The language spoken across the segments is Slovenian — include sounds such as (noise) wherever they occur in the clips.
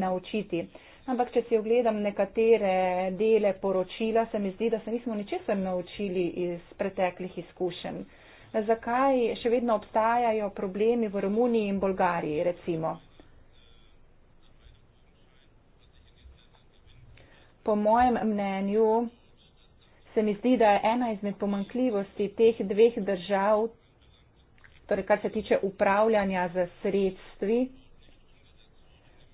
naučiti. Ampak, če si ogledam nekatere dele poročila, se mi zdi, da se nismo ničesar naučili iz preteklih izkušenj. Zakaj še vedno obstajajo problemi v Romuniji in Bolgariji, recimo? Po mojem mnenju se mi zdi, da je ena izmed pomankljivosti teh dveh držav, torej kar se tiče upravljanja z sredstvi,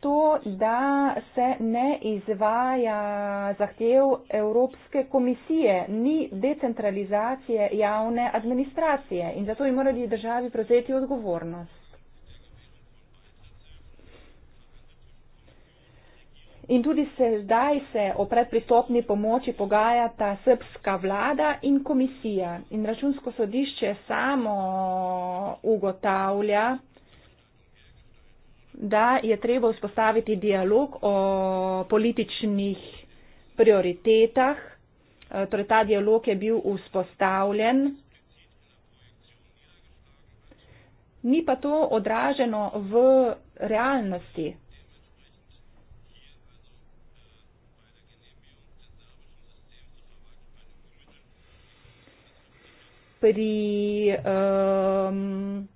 to, da se ne izvaja zahtev Evropske komisije, ni decentralizacije javne administracije in zato bi morali državi prevzeti odgovornost. In tudi se zdaj se o predpristopni pomoči pogajata srpska vlada in komisija. In računsko sodišče samo ugotavlja, da je treba vzpostaviti dialog o političnih prioritetah. E, torej, ta dialog je bil vzpostavljen. Ni pa to odraženo v realnosti. Pri um,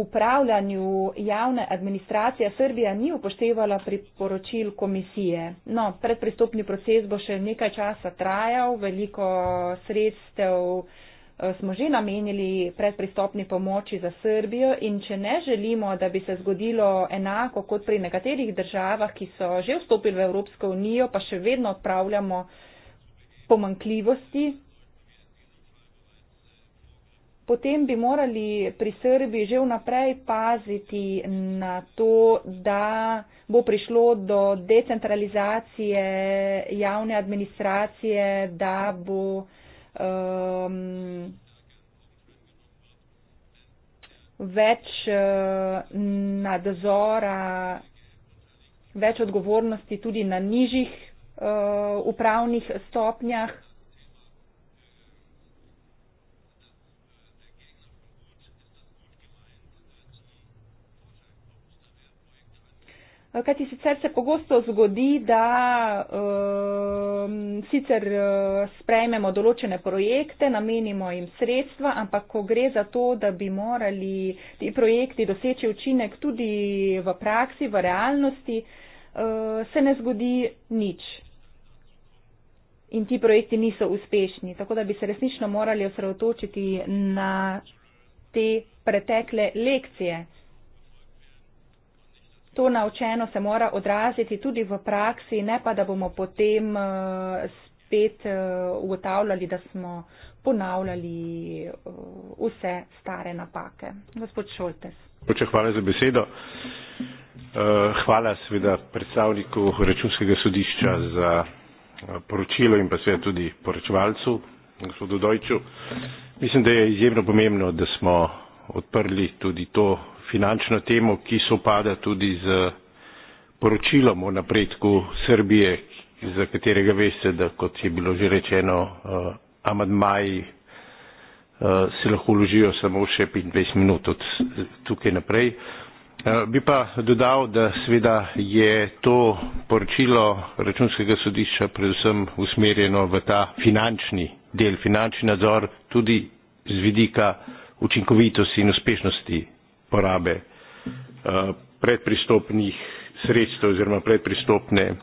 upravljanju javne administracije Srbija ni upoštevala priporočil komisije. No, predpristopni proces bo še nekaj časa trajal, veliko sredstev eh, smo že namenili predpristopni pomoči za Srbijo in če ne želimo, da bi se zgodilo enako kot pri nekaterih državah, ki so že vstopili v Evropsko unijo, pa še vedno odpravljamo pomankljivosti, potem bi morali pri Srbiji že vnaprej paziti na to, da bo prišlo do decentralizacije javne administracije, da bo um, več uh, nadzora, več odgovornosti tudi na nižjih uh, upravnih stopnjah. Eh, kajti sicer se pogosto zgodi, da um, sicer eh, sprejmemo določene projekte, namenimo jim sredstva, ampak ko gre za to, da bi morali ti projekti doseči učinek tudi v praksi, v realnosti, uh, se ne zgodi nič. In ti projekti niso uspešni. Tako da bi se resnično morali osredotočiti na te pretekle lekcije to naučeno se mora odraziti tudi v praksi, ne pa da bomo potem eh, spet eh, ugotavljali, da smo ponavljali eh, vse stare napake. Gospod Šoltes. Poče, hvala za besedo. Hvala seveda predstavniku računskega sodišča za poročilo in pa seveda tudi poročevalcu, gospodu Dojču. Mislim, da je izjemno pomembno, da smo odprli tudi to finančno temo, ki sopada tudi z poročilom o napredku Srbije, za katerega veste, da kot je bilo že rečeno, eh, amadmaji eh, se lahko ložijo samo še 25 minut od eh, tukaj naprej. Bi pa dodal, da sveda je to poročilo računskega sodišča predvsem usmerjeno v ta finančni del, finančni nadzor tudi z vidika učinkovitosti in uspešnosti porabe eh, predpristopnih sredstev oziroma predpristopne eh,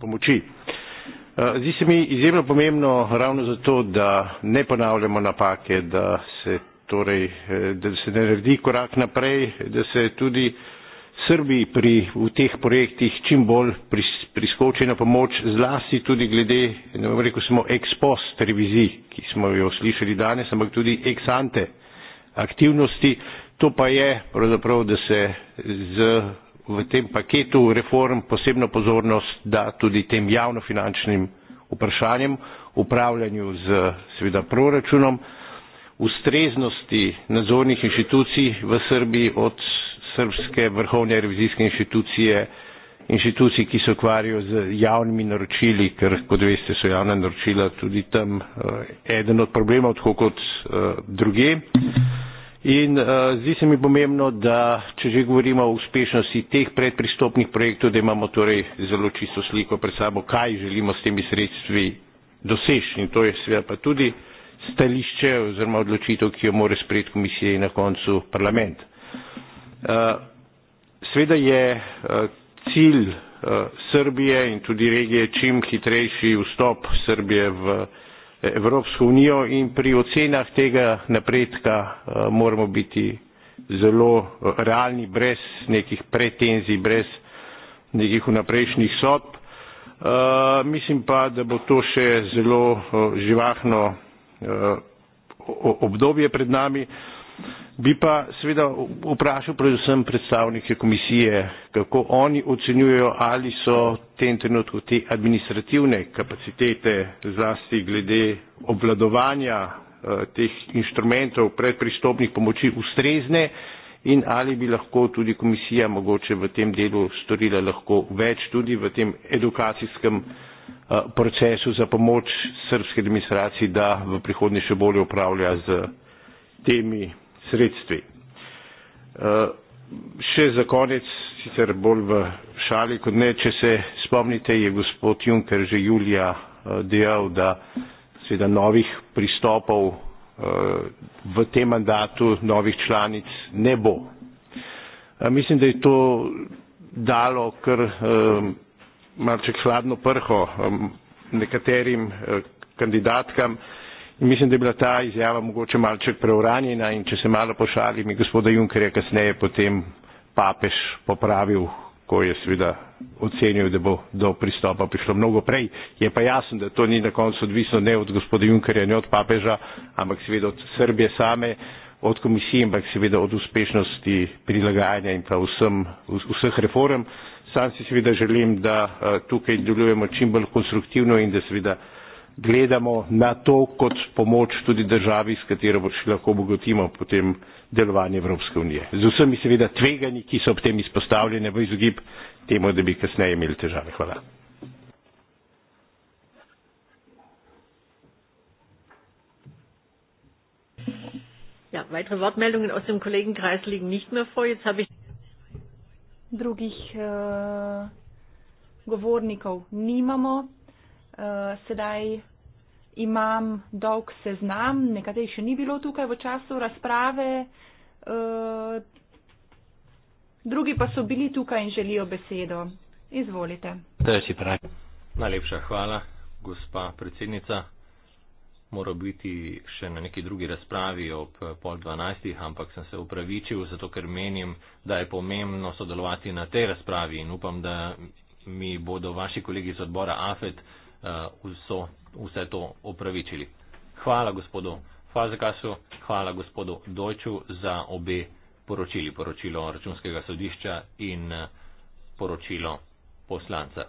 pomoči. Eh, zdi se mi izjemno pomembno ravno zato, da ne ponavljamo napake, da se, torej, da se ne naredi korak naprej, da se tudi Srbiji pri, v teh projektih čim bolj priskoči na pomoč, zlasti tudi glede, ne bom rekel samo ex post revizij, ki smo jo slišali danes, ampak tudi ex ante aktivnosti, to pa je pravzaprav, da se z, v tem paketu reform posebno pozornost da tudi tem javnofinančnim vprašanjem, upravljanju z seveda proračunom, ustreznosti nadzornih inštitucij v Srbiji od srbske vrhovne revizijske inštitucije, inštitucij, ki se ukvarjajo z javnimi naročili, ker kot veste so javna naročila tudi tam eh, eden od problemov, tako kot eh, druge. In uh, zdi se mi pomembno, da če že govorimo o uspešnosti teh predpristopnih projektov, da imamo torej zelo čisto sliko pred sabo, kaj želimo s temi sredstvi doseči. In to je seveda pa tudi stališče oziroma odločitev, ki jo mora sprejeti komisija in na koncu parlament. Uh, eh, sveda je uh, cilj uh, Srbije in tudi regije čim hitrejši vstop Srbije v. Uh, evropsko unijo in pri ocenah tega napredka eh, moramo biti zelo eh, realni, brez nekih pretenzij, brez nekih vnaprejšnjih sodb. Eh, mislim pa, da bo to še zelo živahno obdobje pred nami bi pa seveda vprašal predvsem predstavnike komisije, kako oni ocenjujejo, ali so v tem trenutku te administrativne kapacitete zlasti glede obladovanja eh, teh inštrumentov predpristopnih pomoči ustrezne in ali bi lahko tudi komisija mogoče v tem delu storila lahko več tudi v tem edukacijskem eh, procesu za pomoč srpske administraciji, da v prihodnje še bolje upravlja z temi sredstvi. Eh, še za konec, sicer bolj v šali kot ne, če se spomnite, je gospod Juncker že julija eh, dejal, da seveda novih pristopov eh, v tem mandatu novih članic ne bo. Mislim, da je to dalo kar malček hladno prho nekaterim kandidatkam. In mislim, da je bila ta izjava mogoče malček preuranjena in če se malo pošali mi gospoda Junkerja kasneje potem papež popravil, ko je seveda ocenil, da bo do pristopa prišlo mnogo prej. Je pa jasno, da to ni na koncu odvisno ne od gospoda Junkerja, ne od papeža, ampak seveda od Srbije same, od komisije, ampak seveda od uspešnosti prilagajanja in pa vsem, vseh reform. Sam si seveda želim, da eh, tukaj delujemo čim bolj konstruktivno in da seveda gledamo na to kot pomoč tudi državi, s katero še lahko obogotimo potem delovanje Evropske unije. Z vsemi seveda tveganji, ki so ob tem izpostavljene v izogib temu, da bi kasneje imeli težave. Hvala. Ja, weitere Wortmeldungen aus dem Kollegenkreis liegen nicht mehr vor. Jetzt habe ich drugih uh, govornikov nimamo, Eh, sedaj imam dolg seznam, nekateri še ni bilo tukaj v času razprave, eh, drugi pa so bili tukaj in želijo besedo. Izvolite. Najlepša hvala, gospa predsednica. Moro biti še na neki drugi razpravi ob eh, pol dvanajstih, ampak sem se upravičil, zato ker menim, da je pomembno sodelovati na tej razpravi in upam, da mi bodo vaši kolegi iz odbora AFET uh, Eh, so vse to opravičili. Hvala gospodu Fazekasu, hvala gospodu Dojču za obe poročili, poročilo računskega sodišča in eh, poročilo poslanca.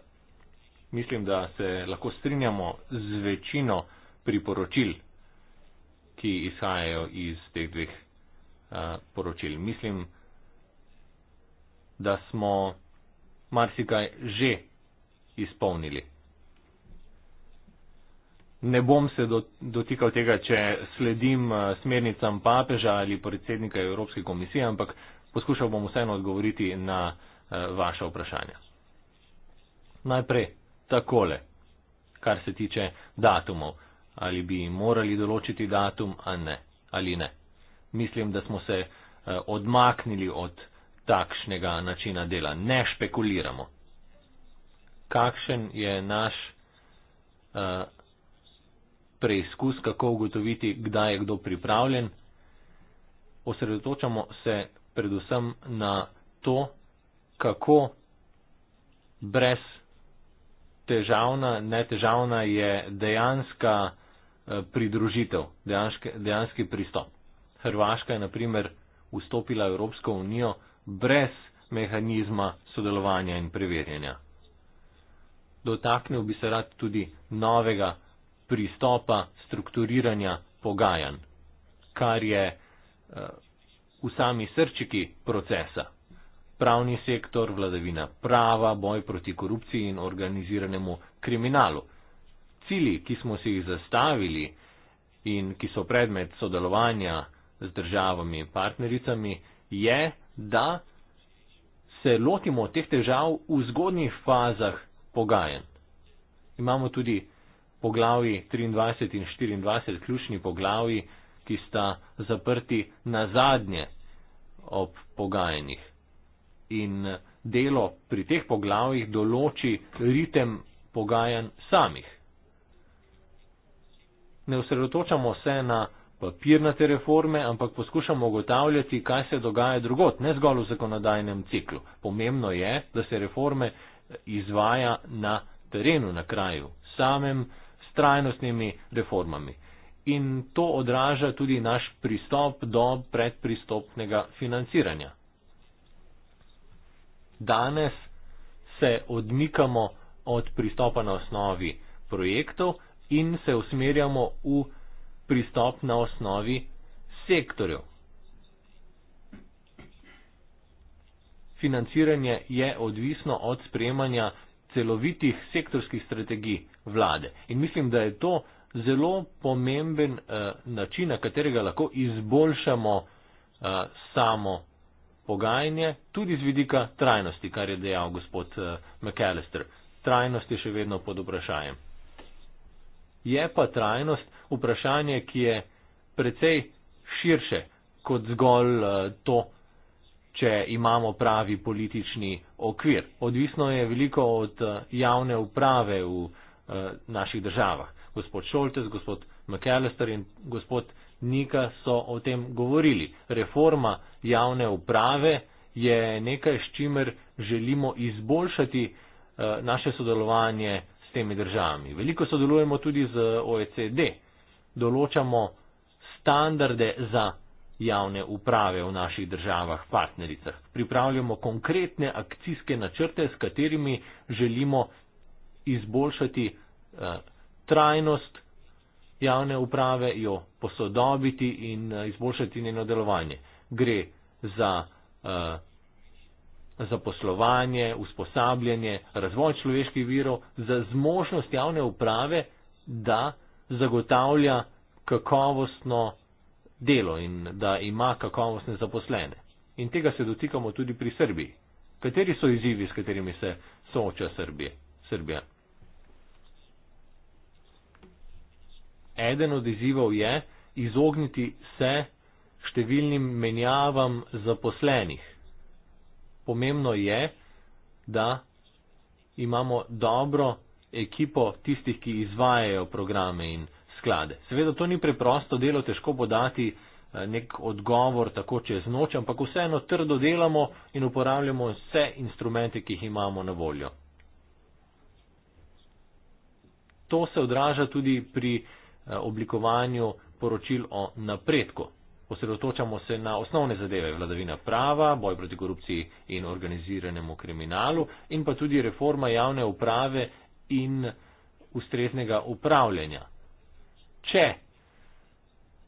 Mislim, da se lahko strinjamo z večino priporočil, ki izhajajo iz teh dveh eh, poročil. Mislim, da smo marsikaj že izpolnili ne bom se dotikal tega, če sledim eh, smernicam papeža ali predsednika Evropske komisije, ampak poskušal bom vseeno odgovoriti na eh, vaše vprašanje. Najprej takole, kar se tiče datumov. Ali bi morali določiti datum ne, ali ne. Mislim, da smo se eh, odmaknili od takšnega načina dela. Ne špekuliramo. Kakšen je naš preizkus, kako ugotoviti, kdaj je kdo pripravljen. Osredotočamo se predvsem na to, kako brez težavna, netežavna je dejanska eh, pridružitev, dejanski, dejanski pristop. Hrvaška je naprimer vstopila v Evropsko unijo brez mehanizma sodelovanja in preverjanja. Dotaknil bi se rad tudi novega pristopa strukturiranja pogajanj, kar je eh, v sami srčiki procesa. Pravni sektor, vladavina prava, boj proti korupciji in organiziranemu kriminalu. Cili, ki smo si jih zastavili in ki so predmet sodelovanja z državami in partnericami, je, da se lotimo teh težav v zgodnjih fazah pogajanj. Imamo tudi poglavi 23 in 24, ključni poglavi, ki sta zaprti na zadnje ob pogajanjih. In delo pri teh poglavjih določi ritem pogajanj samih. Ne osredotočamo se na papirnate reforme, ampak poskušamo ugotavljati, kaj se dogaja drugot, ne zgolj v zakonodajnem ciklu. Pomembno je, da se reforme izvaja na terenu, na kraju, samem, trajnostnimi reformami. In to odraža tudi naš pristop do predpristopnega financiranja. Danes se odmikamo od pristopa na osnovi projektov in se usmerjamo v pristop na osnovi sektorjev. Financiranje je odvisno od sprejemanja celovitih sektorskih strategij vlade. In mislim, da je to zelo pomemben uh, način, na katerega lahko izboljšamo uh, samo pogajanje, tudi z vidika trajnosti, kar je dejal gospod uh, McAllister. Trajnost je še vedno pod vprašanjem. Je pa trajnost vprašanje, ki je precej širše kot zgolj uh, to, če imamo pravi politični okvir. Odvisno je veliko od uh, javne uprave v. Eh, naših državah. Gospod Šoltes, gospod McAllister in gospod Nika so o tem govorili. Reforma javne uprave je nekaj, s čimer želimo izboljšati eh, naše sodelovanje s temi državami. Veliko sodelujemo tudi z OECD. Določamo standarde za javne uprave v naših državah partnericah. Pripravljamo konkretne akcijske načrte, s katerimi želimo izboljšati eh, trajnost javne uprave, jo posodobiti in eh, izboljšati njeno delovanje. Gre za eh, zaposlovanje, usposabljanje, razvoj človeških virov, za zmožnost javne uprave, da zagotavlja kakovostno delo in da ima kakovostne zaposlene. In tega se dotikamo tudi pri Srbiji. Kateri so izzivi, s katerimi se sooča Srbije? Srbija? Srbija. eden od izzivov je izogniti se številnim menjavam zaposlenih. Pomembno je, da imamo dobro ekipo tistih, ki izvajajo programe in sklade. Seveda to ni preprosto delo, težko podati eh, nek odgovor tako čez noč, ampak vseeno trdo delamo in uporabljamo vse instrumente, ki jih imamo na voljo. To se odraža tudi pri Eh, oblikovanju poročil o napredku. Osredotočamo se na osnovne zadeve, vladavina prava, boj proti korupciji in organiziranemu kriminalu in pa tudi reforma javne uprave in ustreznega upravljanja. Če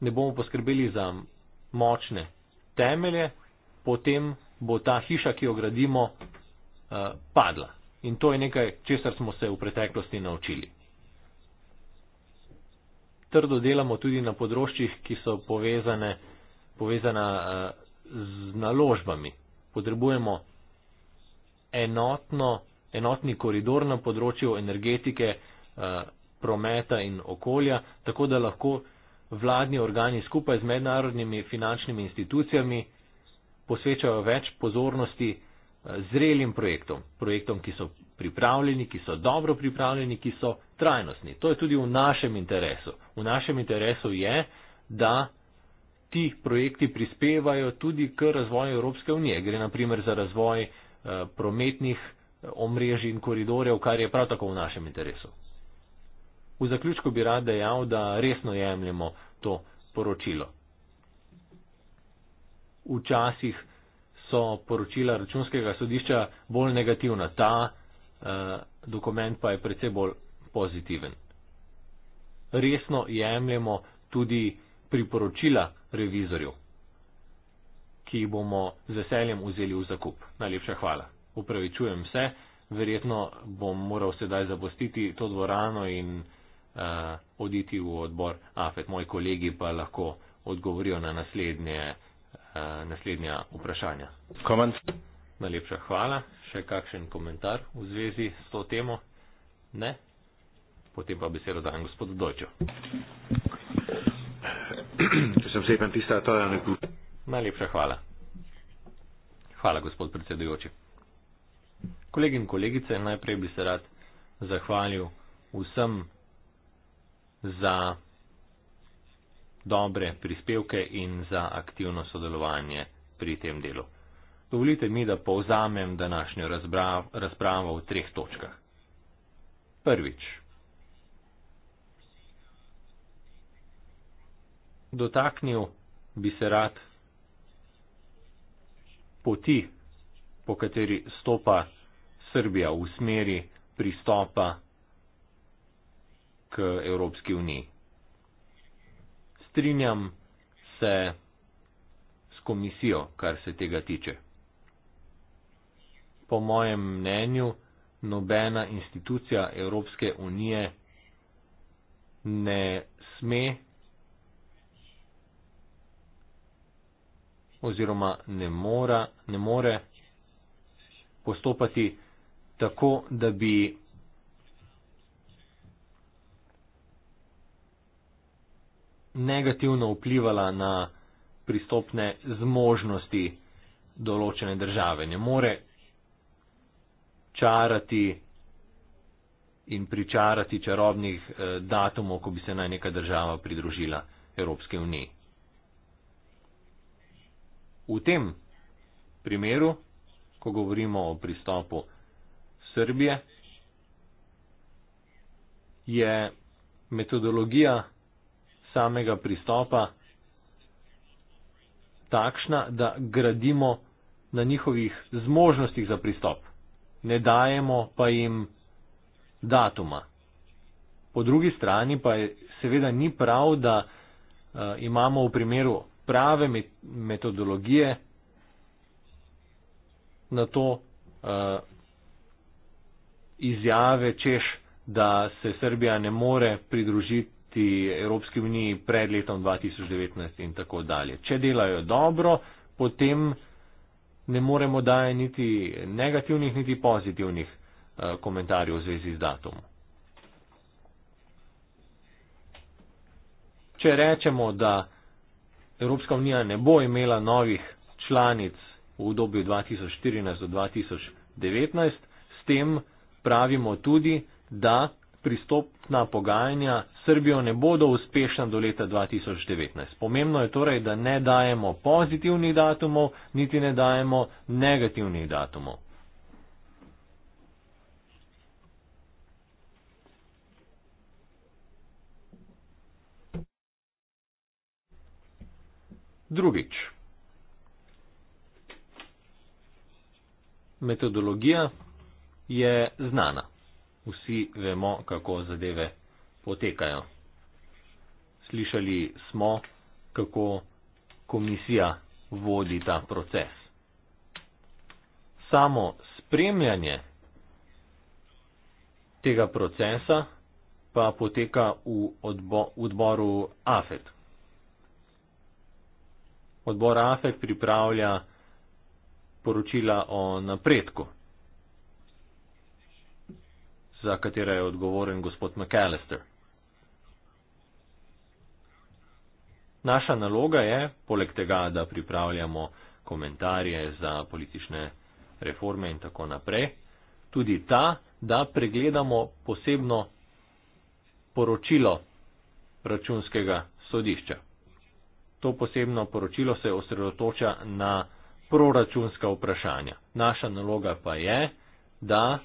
ne bomo poskrbeli za močne temelje, potem bo ta hiša, ki jo gradimo, eh, padla. In to je nekaj, česar smo se v preteklosti naučili trdo delamo tudi na področjih, ki so povezane, povezana eh, z naložbami. Potrebujemo enotno, enotni koridor na področju energetike, eh, prometa in okolja, tako da lahko vladni organi skupaj z mednarodnimi finančnimi institucijami posvečajo več pozornosti eh, zrelim projektom, projektom, ki so pripravljeni, ki so dobro pripravljeni, ki so trajnostni. To je tudi v našem interesu. V našem interesu je, da ti projekti prispevajo tudi k razvoju Evropske unije. Gre naprimer za razvoj eh, prometnih eh, omrežij in koridorjev, kar je prav tako v našem interesu. V zaključku bi rad dejal, da resno jemljemo to poročilo. Včasih so poročila računskega sodišča bolj negativna, ta eh, dokument pa je predvsej bolj pozitiven. Resno jemljemo tudi priporočila revizorju, ki jih bomo z veseljem vzeli v zakup. Najlepša hvala. Upravičujem se, verjetno bom moral sedaj zapustiti to dvorano in uh, oditi v odbor AFET. Moji kolegi pa lahko odgovorijo na naslednje, uh, naslednja vprašanja. Komand. Najlepša hvala. Še kakšen komentar v zvezi s to temo? Ne, Potem pa besedo dajem gospodu Dočo. Sem sepan tista, to je nekaj. Najlepša hvala. Hvala, gospod predsedujoči. Kolegi in kolegice, najprej bi se rad zahvalil vsem za dobre prispevke in za aktivno sodelovanje pri tem delu. Dovolite mi, da povzamem današnjo razpravo v treh točkah. Prvič, dotaknil bi se rad poti, po kateri stopa Srbija v smeri pristopa k Evropski uniji. Strinjam se s komisijo, kar se tega tiče. Po mojem mnenju, nobena institucija Evropske unije ne sme oziroma ne, mora, ne more postopati tako, da bi negativno vplivala na pristopne zmožnosti določene države. Ne more čarati in pričarati čarobnih eh, datumov, ko bi se naj neka država pridružila Evropske unije. V tem primeru, ko govorimo o pristopu Srbije, je metodologija samega pristopa takšna, da gradimo na njihovih zmožnostih za pristop. Ne dajemo pa jim datuma. Po drugi strani pa je, seveda ni prav, da uh, imamo v primeru prave metodologije na to uh, izjave, češ, da se Srbija ne more pridružiti Evropski uniji pred letom 2019 in tako dalje. Če delajo dobro, potem ne moremo daje niti negativnih, niti pozitivnih uh, komentarjev v zvezi z datumom. Če rečemo, da Evropska unija ne bo imela novih članic v obdobju 2014 do 2019, s tem pravimo tudi, da pristopna pogajanja Srbijo ne bodo uspešna do leta 2019. Pomembno je torej, da ne dajemo pozitivnih datumov, niti ne dajemo negativnih datumov. Drugič. Metodologija je znana. Vsi vemo, kako zadeve potekajo. Slišali smo, kako komisija vodi ta proces. Samo spremljanje tega procesa pa poteka v odbo odboru AFED, Odbor AFEK pripravlja poročila o napredku, za katera je odgovoren gospod McAllister. Naša naloga je, poleg tega, da pripravljamo komentarje za politične reforme in tako naprej, tudi ta, da pregledamo posebno poročilo računskega sodišča to posebno poročilo se osredotoča na proračunska vprašanja. Naša naloga pa je, da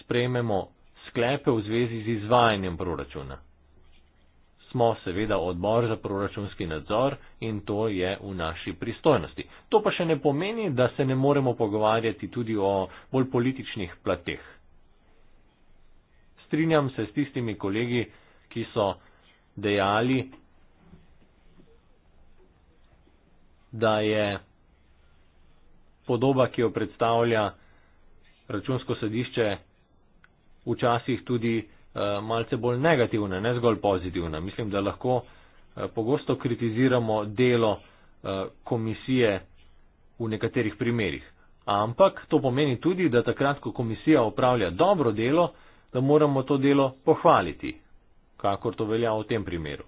sprejmemo sklepe v zvezi z izvajanjem proračuna. Smo seveda odbor za proračunski nadzor in to je v naši pristojnosti. To pa še ne pomeni, da se ne moremo pogovarjati tudi o bolj političnih plateh. Strinjam se s tistimi kolegi, ki so dejali, da je podoba, ki jo predstavlja računsko sodišče, včasih tudi eh, malce bolj negativna, ne zgolj pozitivna. Mislim, da lahko eh, pogosto kritiziramo delo eh, komisije v nekaterih primerjih. Ampak to pomeni tudi, da takrat, ko komisija opravlja dobro delo, da moramo to delo pohvaliti, kakor to velja v tem primeru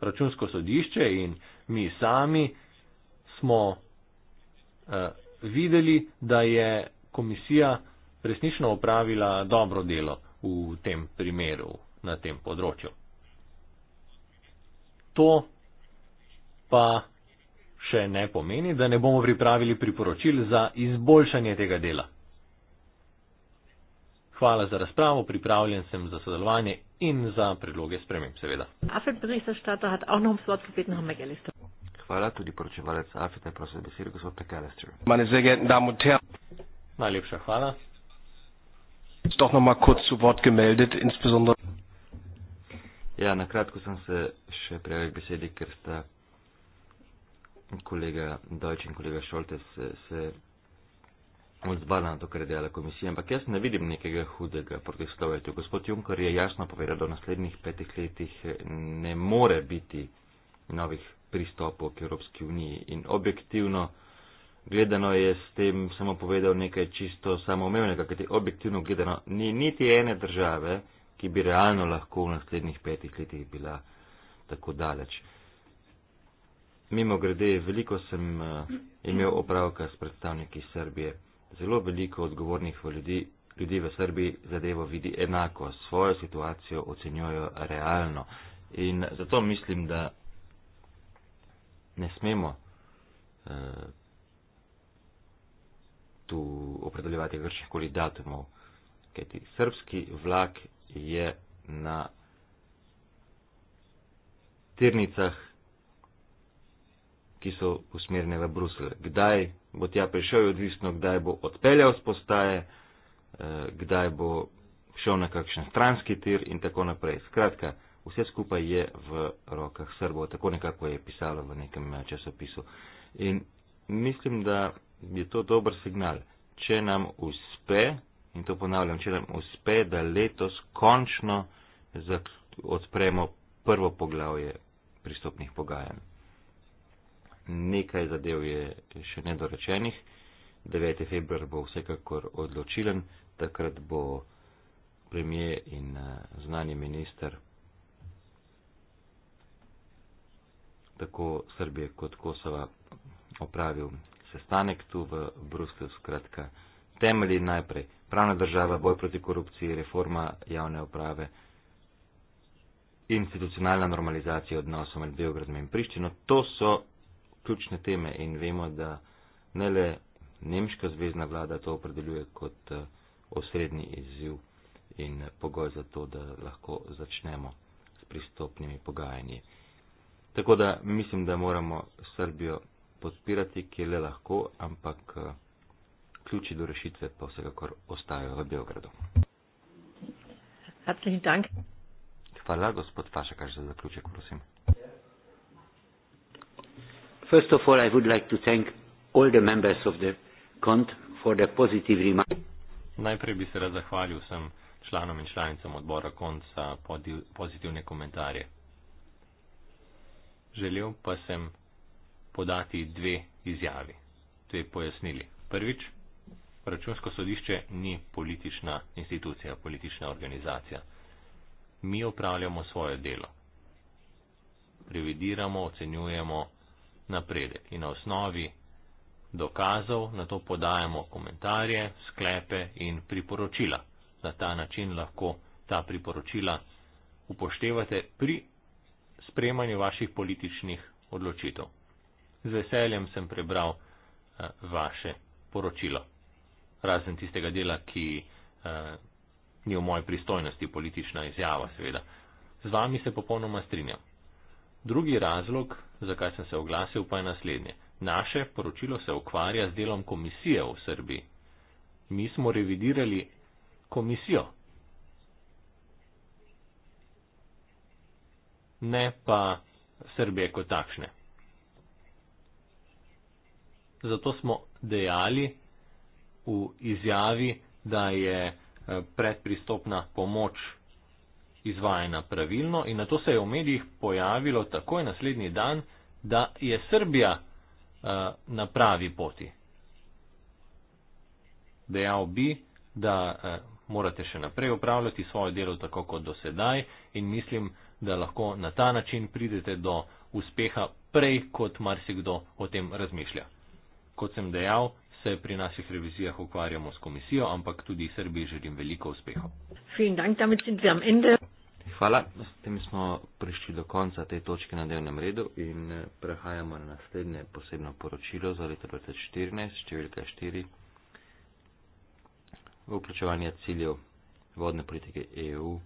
računsko sodišče in mi sami smo eh, videli, da je komisija resnično opravila dobro delo v tem primeru na tem področju. To pa še ne pomeni, da ne bomo pripravili priporočil za izboljšanje tega dela. Hvala za razpravo, pripravljen sem za sodelovanje in za predloge sprememb, seveda. Hvala, tudi poročevalec Afrit, ne prosim, besedo, gospod McAllister. Najlepša hvala. Doch noch mal kurz zu Wort gemeldet, insbesondere. Ja, na kratko sem se še prijavil k besedi, ker sta kolega Deutsch in kolega Scholtes eh, se, se odzvala na to, kar je dejala komisija, ampak jaz ne vidim nekega hudega proti Slovenijo. Gospod Junker je jasno povedal, da v naslednjih petih letih ne more biti novih pristopov k Evropski uniji in objektivno gledano je s tem samo povedal nekaj čisto samoumevnega, kajti objektivno gledano ni niti ene države, ki bi realno lahko v naslednjih petih letih bila tako daleč. Mimo grede, veliko sem uh, imel opravka s predstavniki Srbije zelo veliko odgovornih v ljudi, ljudi v Srbiji zadevo vidi enako, svojo situacijo ocenjujo realno. In zato mislim, da ne smemo eh, tu opredeljevati kakršnih koli datumov, kajti srbski vlak je na tirnicah ki so usmerjene v Bruselj. Kdaj bo tja prišel, je odvisno, kdaj bo odpeljal z postaje, eh, kdaj bo šel na kakšen stranski tir in tako naprej. Skratka, vse skupaj je v rokah Srbov, tako nekako je pisalo v nekem eh, časopisu. In mislim, da je to dober signal. Če nam uspe, in to ponavljam, če nam uspe, da letos končno odpremo prvo poglavje pristopnih pogajanj nekaj zadev je še nedorečenih. 9. februar bo vsekakor odločilen, takrat bo premije in eh, znani minister tako Srbije kot Kosova opravil sestanek tu v Bruslju. Skratka, temelji najprej pravna država, boj proti korupciji, reforma javne uprave, institucionalna normalizacija odnosov med Beogradom in Prištino, to so ključne teme in vemo, da ne le nemška zvezdna vlada to opredeljuje kot eh, osrednji izziv in eh, pogoj za to, da lahko začnemo s pristopnimi pogajanji. Tako da mislim, da moramo Srbijo podpirati, ki je le lahko, ampak eh, ključi do rešitve pa vsekakor ostajajo v Beogradu. Hvala, gospod Fašakaš, za zaključek, prosim. First of all, I would like to thank all the members of the CONT for the positive remarks. Najprej bi se rad zahvalil vsem članom in članicam odbora KONC za pozitivne komentarje. Želel pa sem podati dve izjavi, dve pojasnili. Prvič, računsko sodišče ni politična institucija, politična organizacija. Mi opravljamo svoje delo. Revidiramo, ocenjujemo, napredek in na osnovi dokazov na to podajamo komentarje, sklepe in priporočila. Na ta način lahko ta priporočila upoštevate pri spremanju vaših političnih odločitev. Z veseljem sem prebral uh, vaše poročilo, razen tistega dela, ki uh, ni v moji pristojnosti, politična izjava seveda. Z vami se popolnoma strinjam. Drugi razlog, zakaj sem se oglasil, pa je naslednje. Naše poročilo se ukvarja z delom komisije v Srbiji. Mi smo revidirali komisijo. Ne pa Srbije kot takšne. Zato smo dejali v izjavi, da je eh, predpristopna pomoč izvajena pravilno in na to se je v medijih pojavilo takoj naslednji dan, da je Srbija uh, na pravi poti. Dejal bi, da uh, morate še naprej upravljati svoje delo tako kot do sedaj in mislim, da lahko na ta način pridete do uspeha prej, kot marsikdo o tem razmišlja. Kot sem dejal, se pri naših revizijah ukvarjamo s komisijo, ampak tudi Srbiji želim veliko uspehov. Hvala, s tem smo prišli do konca te točke na dnevnem redu in eh, prehajamo na naslednje posebno poročilo za leto 2014, številka 4, vključevanje ciljev vodne politike EU.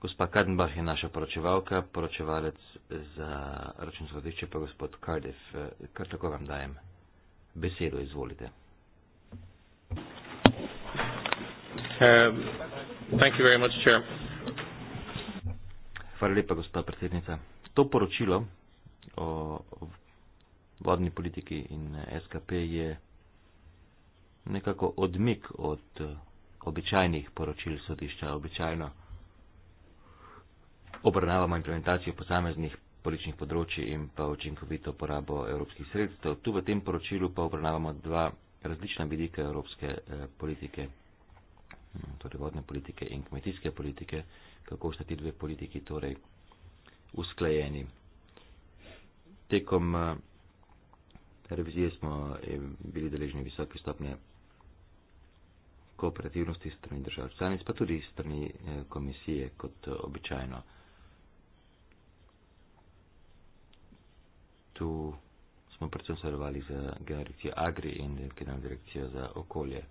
Gospa Kadenbach je naša poročevalka, poročevalec za računsko zadišče pa gospod Cardiff. Eh, kar tako vam dajem besedo izvolite. Um, Hvala lepa, gospod predsednica. To poročilo o vodni politiki in SKP je nekako odmik od običajnih poročil sodišča. Običajno obravnavamo implementacijo posameznih političnih področji in pa učinkovito porabo evropskih sredstev. Tu v tem poročilu pa obravnavamo dva različna vidika evropske eh, politike, hm, torej vodne politike in kmetijske politike, kako sta ti dve politiki torej usklajeni. Tekom eh, revizije smo eh, bili deležni visoke stopnje kooperativnosti strani držav članic, pa tudi strani eh, komisije kot eh, običajno. tu smo predvsem sodelovali z generacijo Agri in generalno direkcijo za okolje.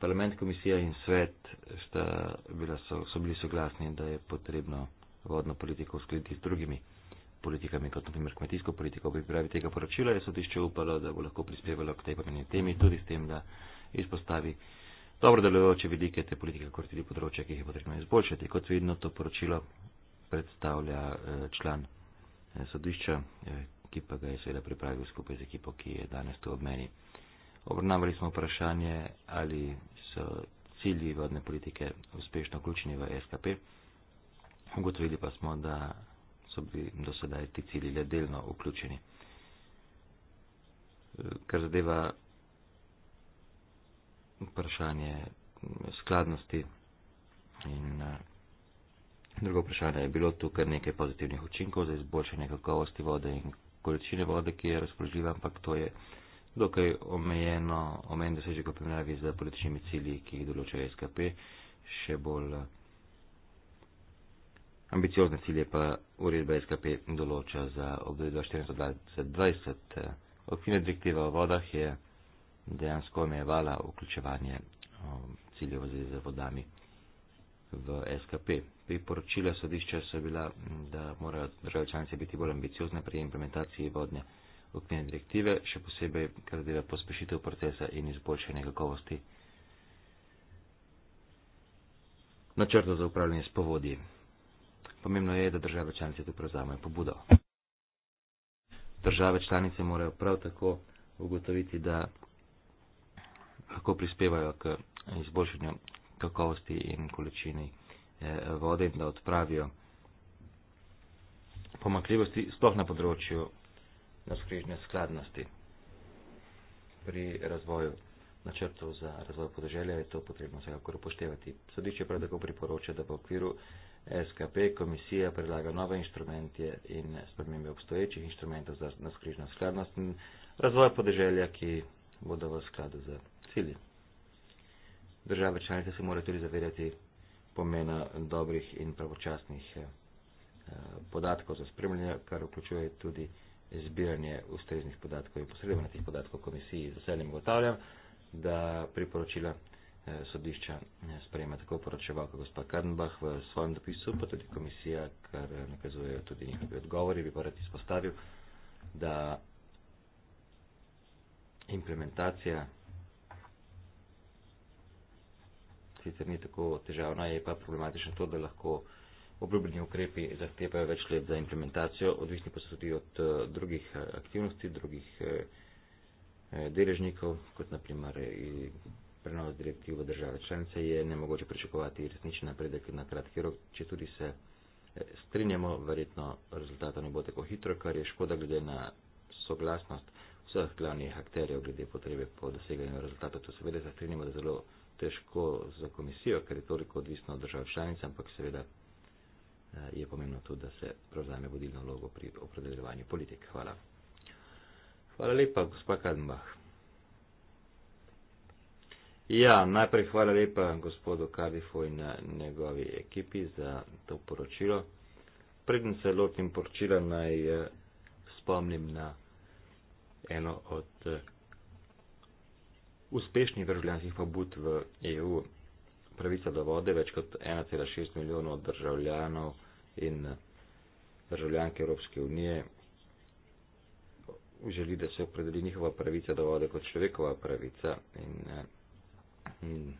Parlament, komisija in svet sta bila, so, so bili soglasni, da je potrebno vodno politiko uskladiti z drugimi politikami, kot naprimer kmetijsko politiko. Pri pripravi tega poročila je sodišče upalo, da bo lahko prispevalo k tej pomeni temi, tudi s tem, da izpostavi dobro delujoče vidike te politike, kot tudi področje, ki jih je potrebno izboljšati. Kot vidno, to poročilo predstavlja eh, član. Eh, sodišča, eh, ki pa ga je seveda pripravil skupaj z ekipo, ki je danes tu ob meni. Obravnavali smo vprašanje, ali so cilji vodne politike uspešno vključeni v SKP. Ugotovili pa smo, da so bili do sedaj ti cilji le delno vključeni. Eh, kar zadeva vprašanje skladnosti in Drugo vprašanje je bilo tu kar nekaj pozitivnih učinkov za izboljšanje kakovosti vode in količine vode, ki je razpoložljiva, ampak to je dokaj omejeno, omen dosežek v primerjavi z političnimi cilji, ki jih določa SKP, še bolj eh, ambiciozne cilje pa uredba SKP določa za obdobje 2014-2020. Eh, okvirna direktiva o vodah je dejansko omejevala vključevanje eh, ciljev v zvezi z vodami v SKP. Priporočila sodišča so bila, da morajo države članice biti bolj ambiciozne pri implementaciji vodne okvirne direktive, še posebej, ker zadeva pospešitev procesa in izboljšanje kakovosti načrta za upravljanje s povodji. Pomembno je, da države članice tu prevzamejo pobudo. Države članice morajo prav tako ugotoviti, da lahko prispevajo k izboljšanju kakovosti in količini eh, vode in da odpravijo pomakljivosti, sploh na področju navskrižne skladnosti. Pri razvoju načrtov za razvoj podeželja je to potrebno vsekakor upoštevati. Sodiče prav tako priporoča, da v okviru SKP komisija predlaga nove inštrumente in spremembe obstoječih inštrumentov za navskrižno skladnost in razvoj podeželja, ki bodo v skladu z cilji države članice se morajo tudi zavedati pomena dobrih in pravočasnih eh, podatkov za spremljanje, kar vključuje tudi zbiranje ustreznih podatkov in posredovanje teh podatkov komisiji. Z veseljem ugotavljam, da priporočila eh, sodišča eh, sprejema tako poročevalka gospa Kardenbach v svojem dopisu, pa tudi komisija, kar nakazujejo tudi njihovi odgovori, bi pa rad izpostavil, da implementacija sicer ni tako težavna, je pa problematično to, da lahko obljubljeni ukrepi zahtevajo več let za implementacijo, odvisni pa so tudi od uh, drugih eh, aktivnosti, drugih uh, deležnikov, kot naprimer prenos direktiv v države članice, je ne mogoče pričakovati resničen napredek na kratki rok, če tudi se strinjamo, verjetno rezultata ne bo tako hitro, kar je škoda glede na soglasnost vseh glavnih akterjev glede potrebe po doseganju rezultata. To seveda se strinjamo, da zelo težko za komisijo, ker je toliko odvisno od držav članic, ampak seveda eh, je pomembno tudi, da se prevzame vodilno vlogo pri opredeljevanju politik. Hvala. Hvala lepa, gospa Kadenbach. Ja, najprej hvala lepa gospodu Kadifu in eh, njegovi ekipi za to poročilo. Preden se lotim poročila, naj eh, spomnim na eno od uspešnih državljanskih pobud v EU. Pravica do vode več kot 1,6 milijonov državljanov in državljanke Evropske unije želi, da se opredeli njihova pravica do vode kot človekova pravica in, eh, in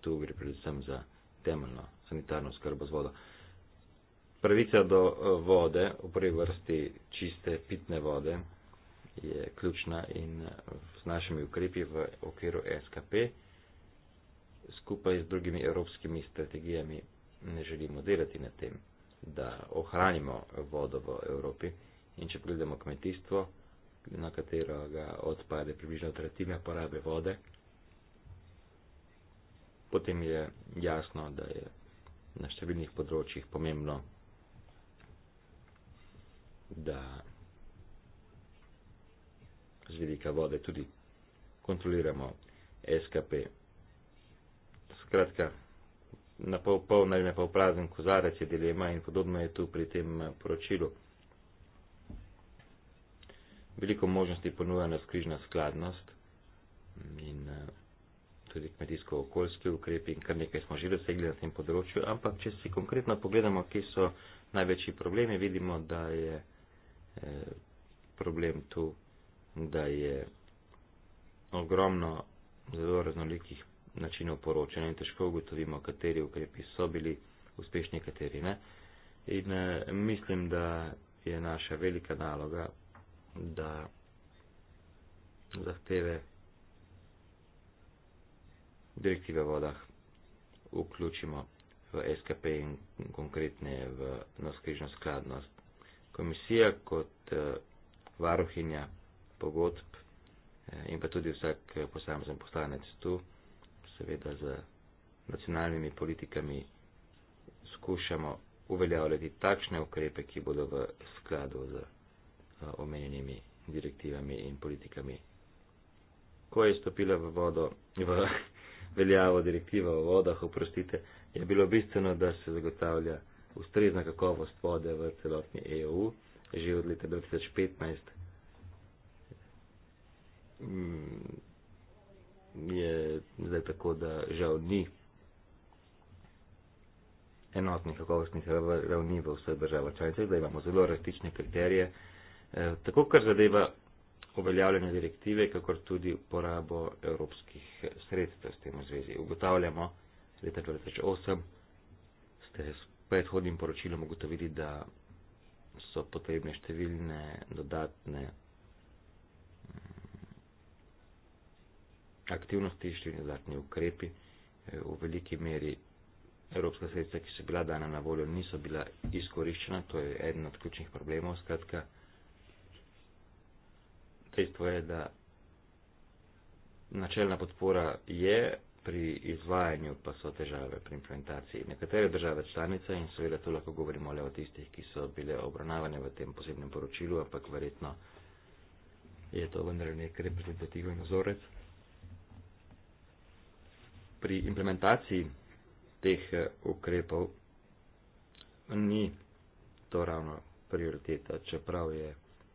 tu gre predvsem za temeljno sanitarno skrbo z vodo. Pravica do eh, vode, v prvi vrsti čiste pitne vode, je ključna in z našimi ukrepi v okviru SKP skupaj z drugimi evropskimi strategijami ne želimo delati na tem, da ohranimo vodo v Evropi in če pogledamo kmetijstvo, na katero ga odpade približno tretjina porabe vode, potem je jasno, da je na številnih področjih pomembno, da z vidika vode tudi kontroliramo SKP. Skratka, na pol poln ali na pol prazen kozarec je dilema in podobno je tu pri tem eh, poročilu. Veliko možnosti ponuja nas križna skladnost in eh, tudi kmetijsko-okoljski ukrepi in kar nekaj smo že dosegli na tem področju, ampak če si konkretno pogledamo, kje so največji problemi, vidimo, da je eh, problem tu da je ogromno zelo raznolikih načinov poročanja in težko ugotovimo, kateri ukrepi so bili uspešni, kateri ne. In eh, mislim, da je naša velika naloga, da zahteve direktive o vodah vključimo v SKP in konkretne v naskrižno skladnost. Komisija kot eh, varuhinja pogodb eh, in pa tudi vsak eh, posamezen poslanec tu, seveda z nacionalnimi politikami, skušamo uveljavljati takšne ukrepe, ki bodo v skladu z eh, omenjenimi direktivami in politikami. Ko je stopila v vodo, v (laughs) veljavo direktiva o vodah, oprostite, je bilo bistveno, da se zagotavlja ustrezna kakovost vode v celotni EU. Že od leta 2015 Mm, je zdaj tako, da žal ni enotnih kakovostnih ravni v vseh državah članicah, da imamo zelo različne kriterije, eh, tako kar zadeva uveljavljanje direktive, kakor tudi uporabo evropskih sredstev s tem v zvezi. Ugotavljamo leta 2008, ste s predhodnim poročilom ugotovili, da so potrebne številne dodatne aktivnosti, številni dodatni ukrepi, eh, v veliki meri evropska sredstva, ki so bila dana na voljo, niso bila izkoriščena, to je eden od ključnih problemov. Skratka, dejstvo je, da načelna podpora je, pri izvajanju pa so težave pri implementaciji. Nekatere države članice, in seveda to lahko govorimo le o tistih, ki so bile obravnavane v tem posebnem poročilu, ampak verjetno je to vendar nek reprezentativen vzorec pri implementaciji teh eh, ukrepov ni to ravno prioriteta, čeprav je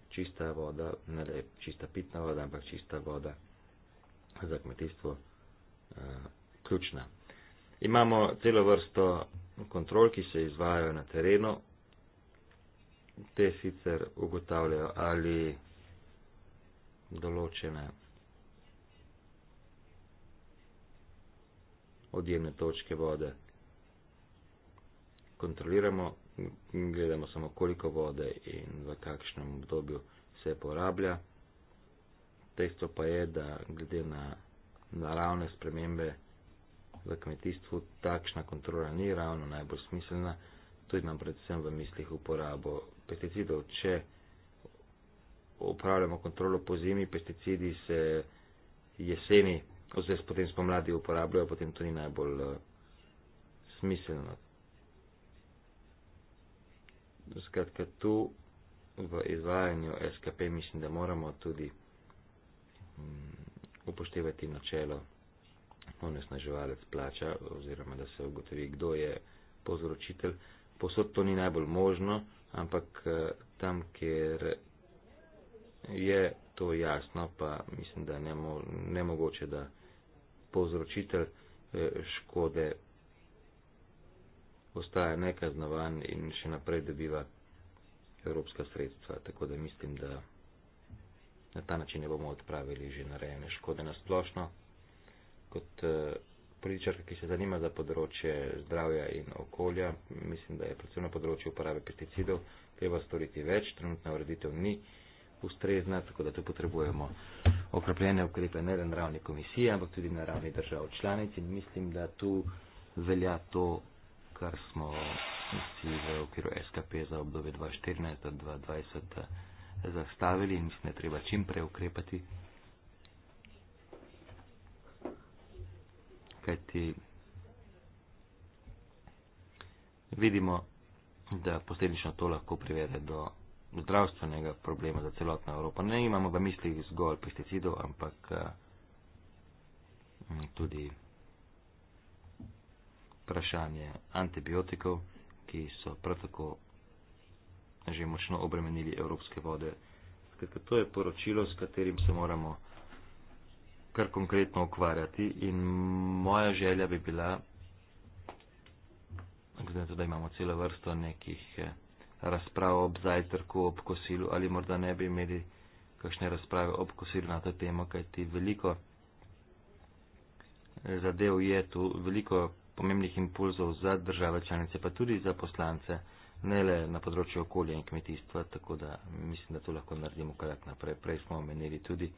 čista voda, ne le čista pitna voda, ampak čista voda za kmetijstvo uh, ključna. Imamo celo vrsto kontrol, ki se izvajajo na terenu. Te sicer ugotavljajo, ali določene odjemne točke vode. Kontroliramo, gledamo samo koliko vode in v kakšnem obdobju se porablja. Testo pa je, da glede na naravne spremembe v kmetijstvu takšna kontrola ni ravno najbolj smiselna. To imam predvsem v mislih uporabo pesticidov. Če upravljamo kontrolo po zimi, pesticidi se jeseni oziroma se potem spomladi uporabljajo, potem to ni najbolj uh, smiselno. Skratka, tu v izvajanju SKP mislim, da moramo tudi um, upoštevati načelo onesnaževalec plača oziroma da se ugotovi, kdo je povzročitelj. Posod to ni najbolj možno, ampak uh, tam, kjer. Je to jasno, pa mislim, da ne, mo ne mogoče, da povzročitelj eh, škode ostaja nekaznovan in še naprej dobiva evropska sredstva. Tako da mislim, da na ta način ne bomo odpravili že narejene škode na splošno. Kot eh, političarka, ki se zanima za področje zdravja in okolja, mislim, da je predvsem na področju uporabe pesticidov treba storiti več. Trenutna ureditev ni ustrezna, tako da tu potrebujemo okrepljene ukrepe ne le na ravni komisije, ampak tudi na ravni držav članic in mislim, da tu velja to, kar smo si v okviru SKP za obdobje 2014-2020 eh, zastavili in mislim, da treba čim prej ukrepati. Kajti vidimo, da posledično to lahko privede do zdravstvenega problema za celotno Evropo. Ne imamo v mislih zgolj pesticidov, ampak eh, tudi vprašanje antibiotikov, ki so prav tako že močno obremenili evropske vode. Skratka, to je poročilo, s katerim se moramo kar konkretno ukvarjati in moja želja bi bila, gledajte, da imamo celo vrsto nekih eh, razpravo ob zajtrku, ob kosilu ali morda ne bi imeli kakšne razprave ob kosilu na to temo, kajti veliko eh, zadev je tu, veliko pomembnih impulzov za države članice, pa tudi za poslance, ne le na področju okolja in kmetijstva, tako da mislim, da to lahko naredimo korak naprej. Prej smo omenili tudi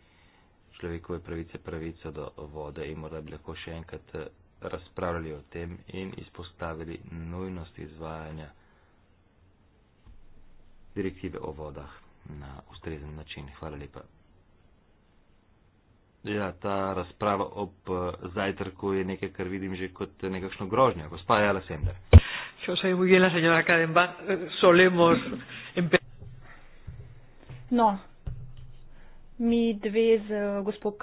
človekove pravice, pravico do vode in morda bi lahko še enkrat eh, razpravljali o tem in izpostavili nujnost izvajanja direktive o vodah na ustrezen način. Hvala lepa. Ja, ta razprava ob uh, zajtrku je nekaj, kar vidim že kot nekakšno grožnjo. Gospa Jala Sender. Yo soy muy bien la señora Kademba. Solemos No. Mi dve z gospod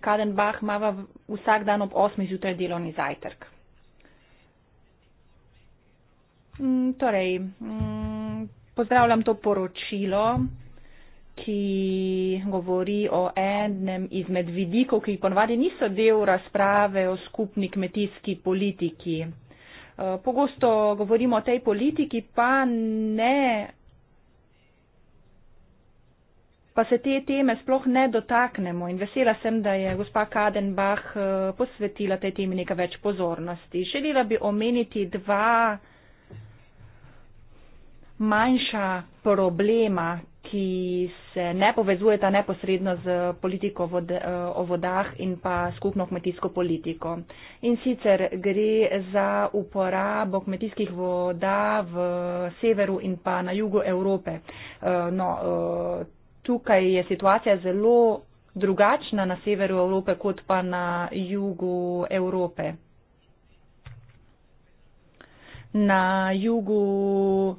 Kadenbach imava vsak dan ob 8. zjutraj delovni zajtrk. Mm, torej, mm, pozdravljam to poročilo, ki govori o enem izmed vidikov, ki ponovadi niso del razprave o skupni kmetijski politiki. Eh, pogosto govorimo o tej politiki, pa ne. Pa se te teme sploh ne dotaknemo in vesela sem, da je gospa Kadenbach eh, posvetila tej temi nekaj več pozornosti. Želela bi omeniti dva manjša problema, ki se ne povezujeta neposredno z politiko vode, eh, o vodah in pa skupno kmetijsko politiko. In sicer gre za uporabo kmetijskih voda v severu in pa na jugu Evrope. Eh, no, eh, tukaj je situacija zelo drugačna na severu Evrope kot pa na jugu Evrope. Na jugu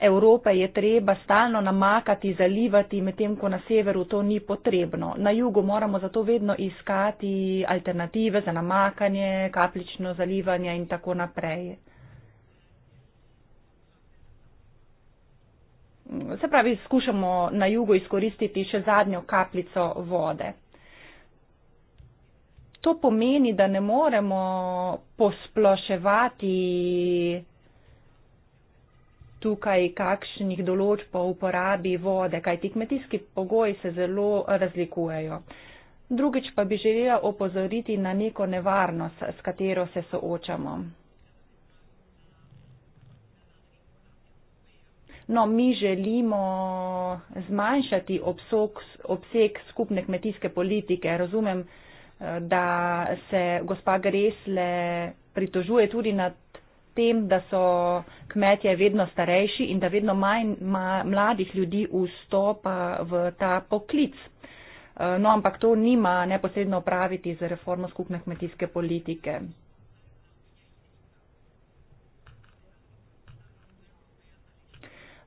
Evrope je treba stalno namakati, zalivati, medtem ko na severu to ni potrebno. Na jugu moramo zato vedno iskati alternative za namakanje, kaplično zalivanje in tako naprej. Se pravi, skušamo na jugu izkoristiti še zadnjo kapljico vode. To pomeni, da ne moremo posploševati tukaj kakšnih določb o uporabi vode, kajti kmetijski pogoji se zelo razlikujejo. Drugič pa bi želela opozoriti na neko nevarnost, s katero se soočamo. No, mi želimo zmanjšati obsok, obseg skupne kmetijske politike. Razumem, eh, da se gospa Gresle pritožuje tudi na tem, da so kmetje vedno starejši in da vedno manj ma, mladih ljudi vstopa v ta poklic. Eh, no, ampak to nima neposredno opraviti z reformo skupne kmetijske politike.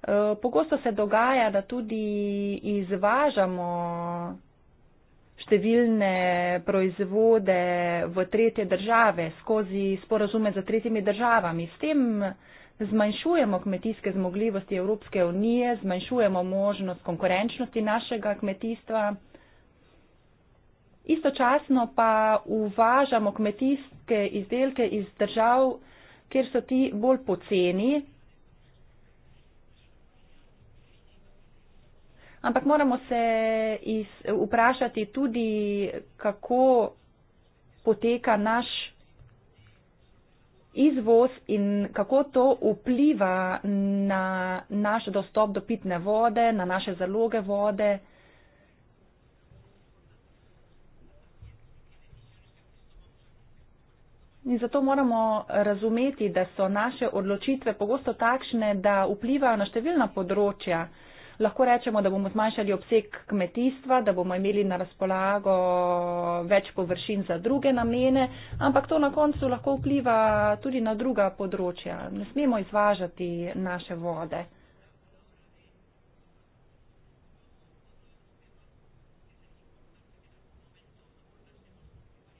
Eh, pogosto se dogaja, da tudi izvažamo številne proizvode v tretje države skozi sporazume za tretjimi državami. S tem zmanjšujemo kmetijske zmogljivosti Evropske unije, zmanjšujemo možnost konkurenčnosti našega kmetijstva. Istočasno pa uvažamo kmetijske izdelke iz držav, kjer so ti bolj poceni, Ampak moramo se iz, vprašati tudi, kako poteka naš izvoz in kako to vpliva na naš dostop do pitne vode, na naše zaloge vode. In zato moramo razumeti, da so naše odločitve pogosto takšne, da vplivajo na številna področja lahko rečemo, da bomo zmanjšali obseg kmetijstva, da bomo imeli na razpolago več površin za druge namene, ampak to na koncu lahko vpliva tudi na druga področja. Ne smemo izvažati naše vode.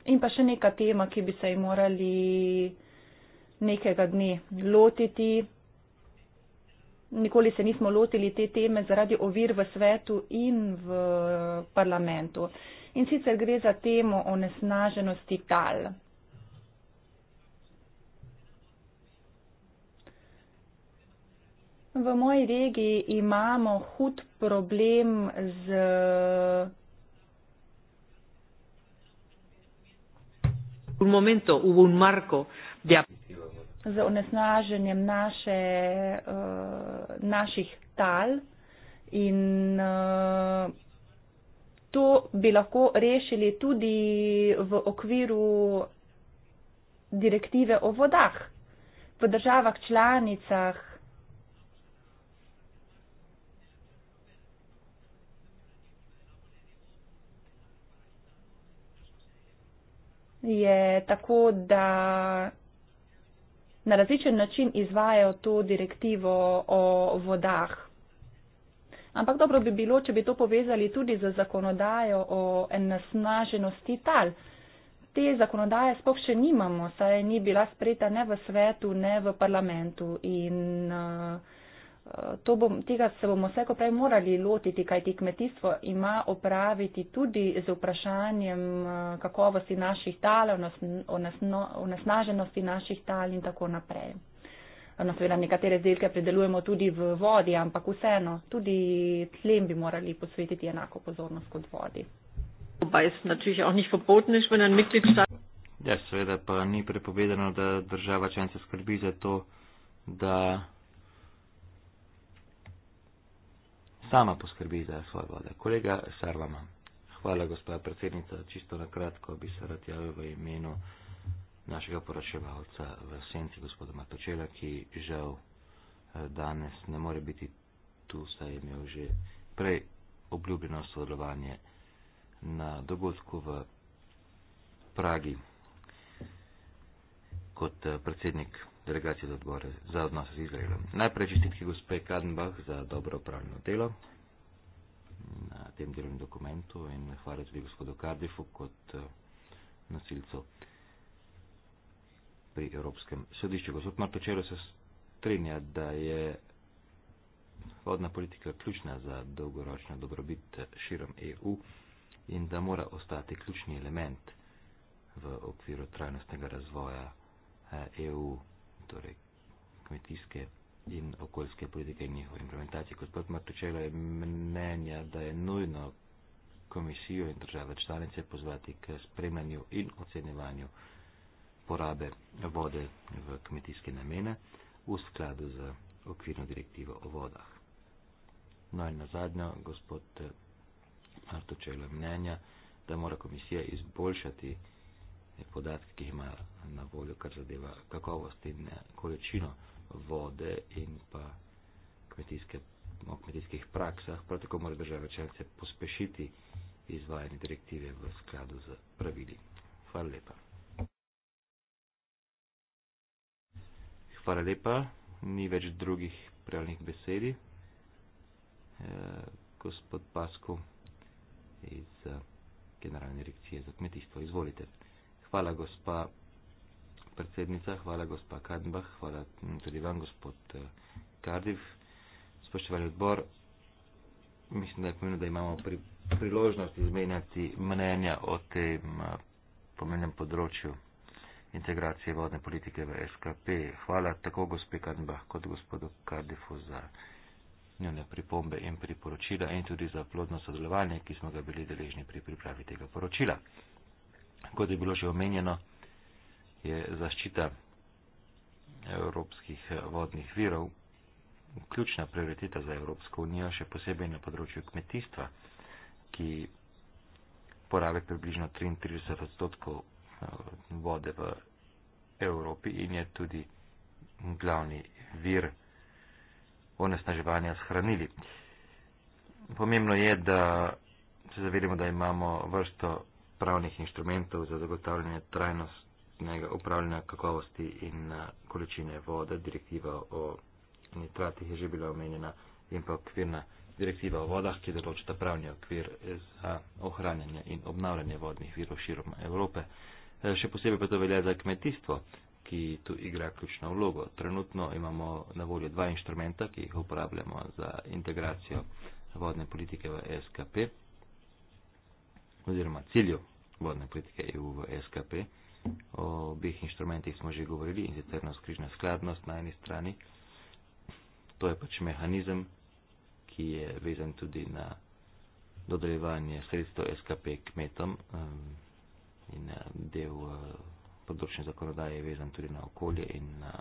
In pa še neka tema, ki bi se ji morali nekega dne lotiti, nikoli se nismo lotili te teme zaradi ovir v svetu in v parlamentu. In sicer gre za temo o nesnaženosti tal. V moji regiji imamo hud problem z Un momento, hubo un marco de... z onesnaženjem naše eh, naših tal in uh, to bi lahko rešili tudi v okviru direktive o vodah v državah članicah. Je tako, da na različen način izvajajo to direktivo o vodah. Ampak dobro bi bilo, če bi to povezali tudi z zakonodajo o enasnaženosti tal. Te zakonodaje sploh še nimamo, saj ni bila sprejeta ne v svetu, ne v parlamentu. In, uh, Eh, to bom, tega se bomo vse koprej morali lotiti, kajti kmetijstvo ima opraviti tudi z vprašanjem eh, kakovosti naših tal, onesnaženosti naših tal in tako naprej. No, seveda nekatere izdelke predelujemo tudi v vodi, ampak vseeno tudi tlem bi morali posvetiti enako pozornost kot vodi. Ja, seveda pa ni prepovedano, da država članica skrbi za to, da sama poskrbi za svoje vode. Kolega Sarvama, hvala gospa predsednica, čisto na kratko bi se rad javil v imenu našega poročevalca v senci gospoda Matočela, ki žal eh, danes ne more biti tu, saj je imel že prej obljubljeno sodelovanje na dogodku v Pragi kot eh, predsednik delegacije za odbore za odnose z Izraelom. Najprej čestitke gospe Kadenbach za dobro opravljeno delo na tem delovnem dokumentu in hvala tudi gospodu Kardifu kot eh, nosilcu pri Evropskem sodišču. Gospod Martočelo se strinja, da je vodna politika ključna za dolgoročno dobrobit širom EU in da mora ostati ključni element v okviru trajnostnega razvoja EU. Eh, e -u torej kmetijske in okoljske politike in njihove implementacije. Gospod Martočela je mnenja, da je nujno komisijo in države članice pozvati k spremljanju in ocenevanju porabe vode v kmetijske namene v skladu z okvirno direktivo o vodah. No in nazadnjo, gospod Martočela mnenja, da mora komisija izboljšati podatki, ki jih ima na voljo, kar zadeva kakovost in eh, količino vode in pa kmetijske, o no, kmetijskih praksah. Prav tako mora država članice pospešiti izvajanje direktive v skladu z pravili. Hvala lepa. Hvala lepa. Ni več drugih prijavljenih besedi. E, gospod Pasko iz e, Generalne direkcije za kmetijstvo, izvolite. Hvala, gospa predsednica, hvala, gospa Kadnbah, hvala tudi vam, gospod Kardiv. Eh, Spoštovani odbor, mislim, da je pomembno, da imamo pri, priložnost izmenjati mnenja o tem eh, pomenem področju integracije vodne politike v SKP. Hvala tako gospe Kadnbah kot gospodu Kardifu za njene pripombe in priporočila in tudi za plodno sodelovanje, ki smo ga bili deležni pri pripravi tega poročila kot je bilo že omenjeno, je zaščita evropskih vodnih virov ključna prioriteta za Evropsko unijo, še posebej na področju kmetijstva, ki porabi približno 33 odstotkov eh, vode v Evropi in je tudi glavni vir onesnaževanja s hranili. Pomembno je, da se zavedamo, da imamo vrsto pravnih inštrumentov za zagotavljanje trajnostnega upravljanja kakovosti in eh, količine vode, direktiva o nitratih je že bila omenjena in pa okvirna direktiva o vodah, ki določita pravni okvir za ohranjanje in obnavljanje vodnih virov širom Evrope. Eh, še posebej pa to velja za kmetijstvo, ki tu igra ključno vlogo. Trenutno imamo na voljo dva inštrumenta, ki jih uporabljamo za integracijo vodne politike v SKP oziroma ciljev vodne politike EU v SKP. O obih inštrumentih smo že govorili in sicer na skrižna skladnost na eni strani. To je pač mehanizem, ki je vezan tudi na dodeljevanje sredstev SKP kmetom in eh, del eh, področne zakonodaje je vezan tudi na okolje in na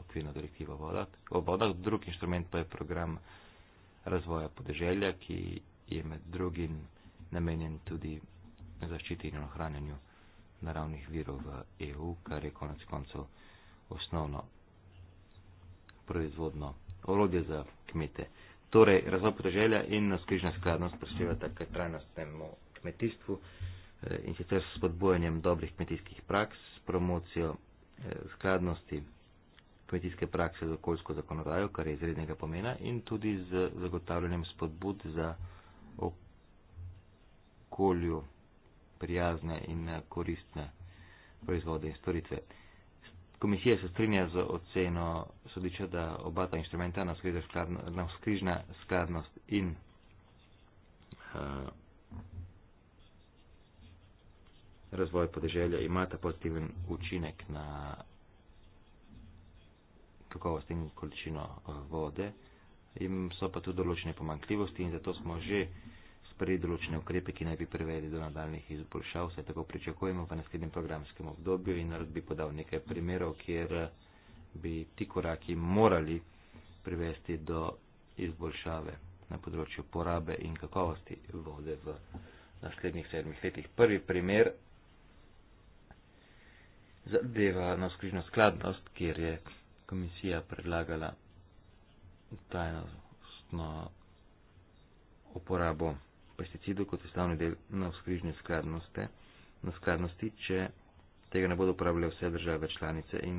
okvirno direktivo o vodah. Drugi inštrument pa je program razvoja podeželja, ki je med drugim namenjen tudi zaščiti in ohranjanju naravnih virov v EU, kar je konec koncev osnovno proizvodno orodje za kmete. Torej, razvoj podeželja in naskrižna skladnost prispevata k trajnostnemu kmetijstvu eh, in sicer s spodbojanjem dobrih kmetijskih praks, s promocijo eh, skladnosti kmetijske prakse z okoljsko zakonodajo, kar je izrednega pomena, in tudi z zagotavljanjem spodbud za okolju prijazne in eh, koristne proizvode in storitve. Komisija se strinja z oceno sodiča, da oba ta inštrumenta na skrižna skladnost in uh, razvoj podeželja imata pozitiven učinek na kakovost in količino eh, vode. Im so pa tudi določene pomankljivosti in zato smo že uh, sprejeti določene ukrepe, ki naj bi privedli do nadaljnih izboljšav, vse tako pričakujemo v naslednjem programskem obdobju in rad bi podal nekaj primerov, kjer eh, bi ti koraki morali privesti do izboljšave na področju porabe in kakovosti vode v naslednjih sedmih letih. Prvi primer zadeva na skrižno skladnost, kjer je komisija predlagala tajnostno uporabo пестициди кот основни дел на скрижни складности, на складности, че тега не бъдат управляли все държави членице и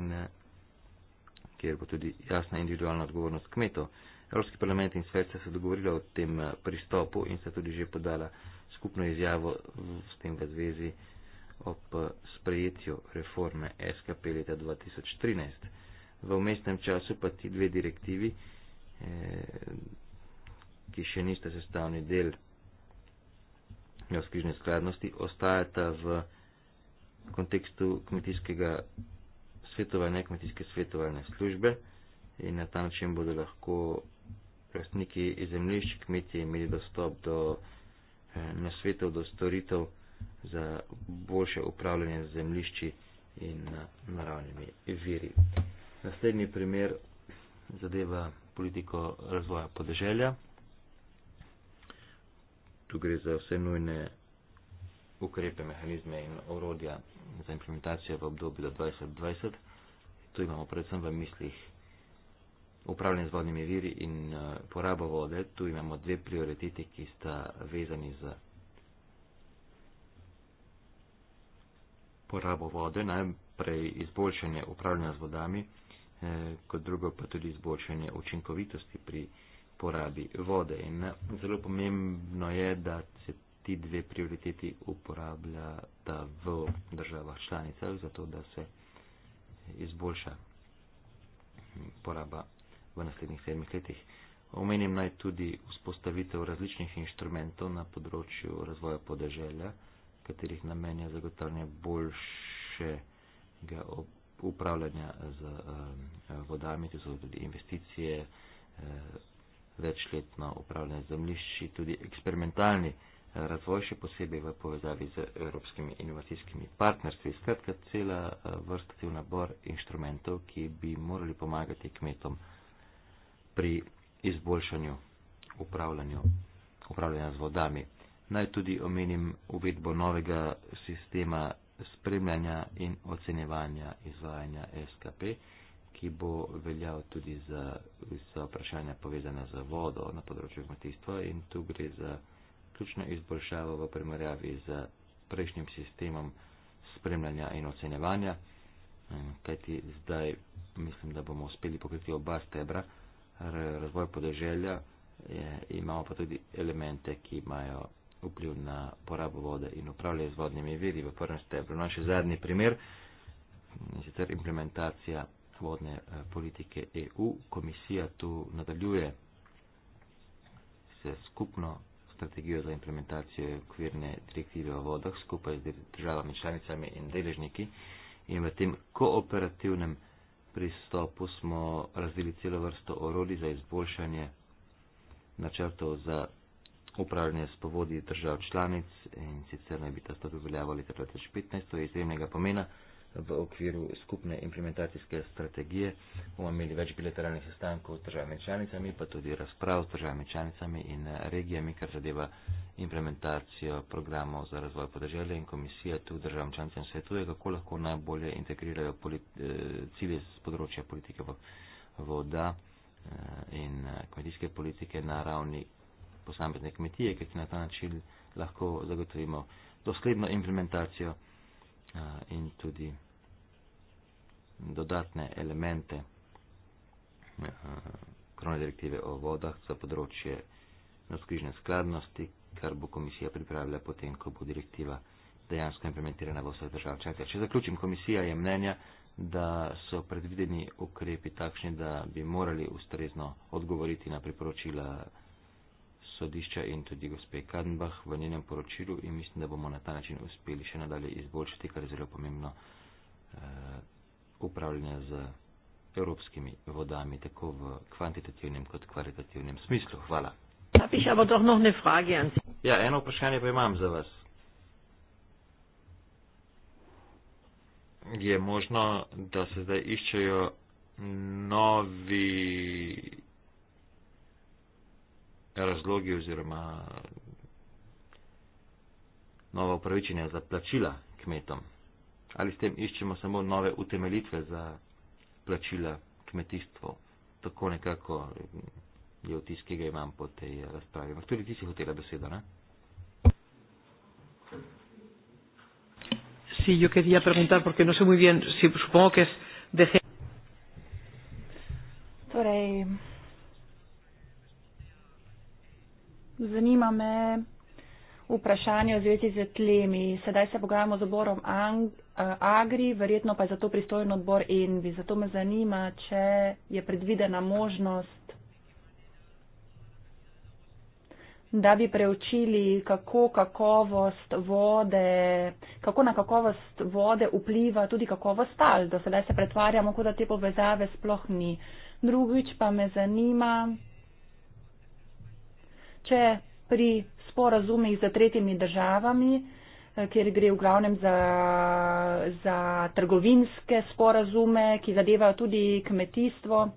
kjer bo tudi jasna individualna odgovornost kmetov. Evropski parlament in svet sta se dogovorili o tem eh, pristopu in sta tudi že podala skupno izjavo s tem v zvezi ob eh, sprejetju reforme SKP leta 2013. V umestnem času pa ti dve direktivi, eh, ki še nista sestavni del neoskrižne skladnosti ostajata v kontekstu kmetijskega svetovanja, kmetijske svetovalne službe in na ta način bodo lahko lastniki zemljišč kmetije imeli dostop do eh, nasvetov, do storitev za boljše upravljanje zemljišči in eh, naravnimi viri. Naslednji primer zadeva politiko razvoja podeželja tu gre za vse nujne ukrepe, mehanizme in orodja za implementacijo v obdobju do 2020. Tu imamo predvsem v mislih upravljanje z vodnimi viri in uh, porabo vode. Tu imamo dve prioriteti, ki sta vezani z porabo vode. Najprej izboljšanje upravljanja z vodami, eh, kot drugo pa tudi izboljšanje učinkovitosti pri uh, porabi vode. In eh, zelo pomembno je, da se ti dve prioriteti uporabljata v državah članicah, zato da se izboljša poraba v naslednjih sedmih letih. Omenim naj tudi vzpostavitev različnih inštrumentov na področju razvoja podeželja, katerih namen je zagotavljanje boljšega upravljanja z um, vodami, to so tudi investicije, um, večletno upravljanje zemljišči, tudi eksperimentalni eh, razvoj, še posebej v povezavi z evropskimi inovacijskimi partnerstvi. Skratka, cela eh, vrsta tih nabor inštrumentov, ki bi morali pomagati kmetom pri izboljšanju upravljanja z vodami. Naj tudi omenim uvedbo novega sistema spremljanja in ocenjevanja izvajanja SKP ki bo veljal tudi za vse vprašanja povezane z vodo na področju kmetijstva in tu gre za ključno izboljšavo v primerjavi z prejšnjim sistemom spremljanja in ocenjevanja, mm, kajti zdaj mislim, da bomo uspeli pokriti oba stebra, razvoj podeželja, imamo pa tudi elemente, ki imajo vpliv na porabo vode in upravljanje z vodnimi viri v prvem stebru. Naš no, zadnji primer je sicer implementacija vodne eh, politike EU. Komisija tu nadaljuje se skupno strategijo za implementacijo okvirne direktive o vodah skupaj z državami članicami in deležniki. In v tem kooperativnem pristopu smo razvili celo vrsto orodij za izboljšanje načrtov za upravljanje s povodi držav članic in sicer naj bi ta stopi veljavo leta 2015, to je izjemnega pomena v okviru skupne implementacijske strategije bomo imeli več bilateralnih sestankov z državami članicami, pa tudi razprav z državami članicami in eh, regijami, kar zadeva implementacijo programov za razvoj podeželja in komisija tu državam članicam svetuje, kako lahko najbolje integrirajo eh, cilje z področja politike voda eh, in kmetijske politike na ravni posamezne kmetije, ker si na ta način lahko zagotovimo dosledno implementacijo in tudi dodatne elemente krone direktive o vodah za področje nadskrižne skladnosti, kar bo komisija pripravila potem, ko bo direktiva dejansko implementirana v vse države članice. Če zaključim, komisija je mnenja, da so predvideni ukrepi takšni, da bi morali ustrezno odgovoriti na priporočila sodišča in tudi gospe Kadenbach v njenem poročilu in mislim, da bomo na ta način uspeli še nadalje izboljšati, kar je zelo pomembno, uh, upravljanje z evropskimi vodami, tako v kvantitativnem kot kvalitativnem smislu. Hvala. Ja, eno vprašanje pa imam za vas. Je možno, da se zdaj iščejo novi razlogi oziroma nova upravičenja za plačila kmetom. Ali s tem iščemo samo nove utemelitve za plačila kmetijstvo? Tako nekako je vtis, ki ga imam po tej razpravi. Ampak tudi ti si hotela besedo, ne? Sí, yo quería preguntar porque no sé muy bien si supongo que es de me vprašanje v zvezi z tlemi. Sedaj se pogajamo z oborom eh, Agri, verjetno pa je zato pristojen odbor Envi. Zato me zanima, če je predvidena možnost, da bi preučili, kako, kakovost vode, kako na kakovost vode vpliva tudi kakovost tal. Do sedaj se pretvarjamo, kot da te povezave sploh ni. Drugič pa me zanima, če pri sporazumih z tretjimi državami, eh, kjer gre v glavnem za, za trgovinske sporazume, ki zadevajo tudi kmetijstvo.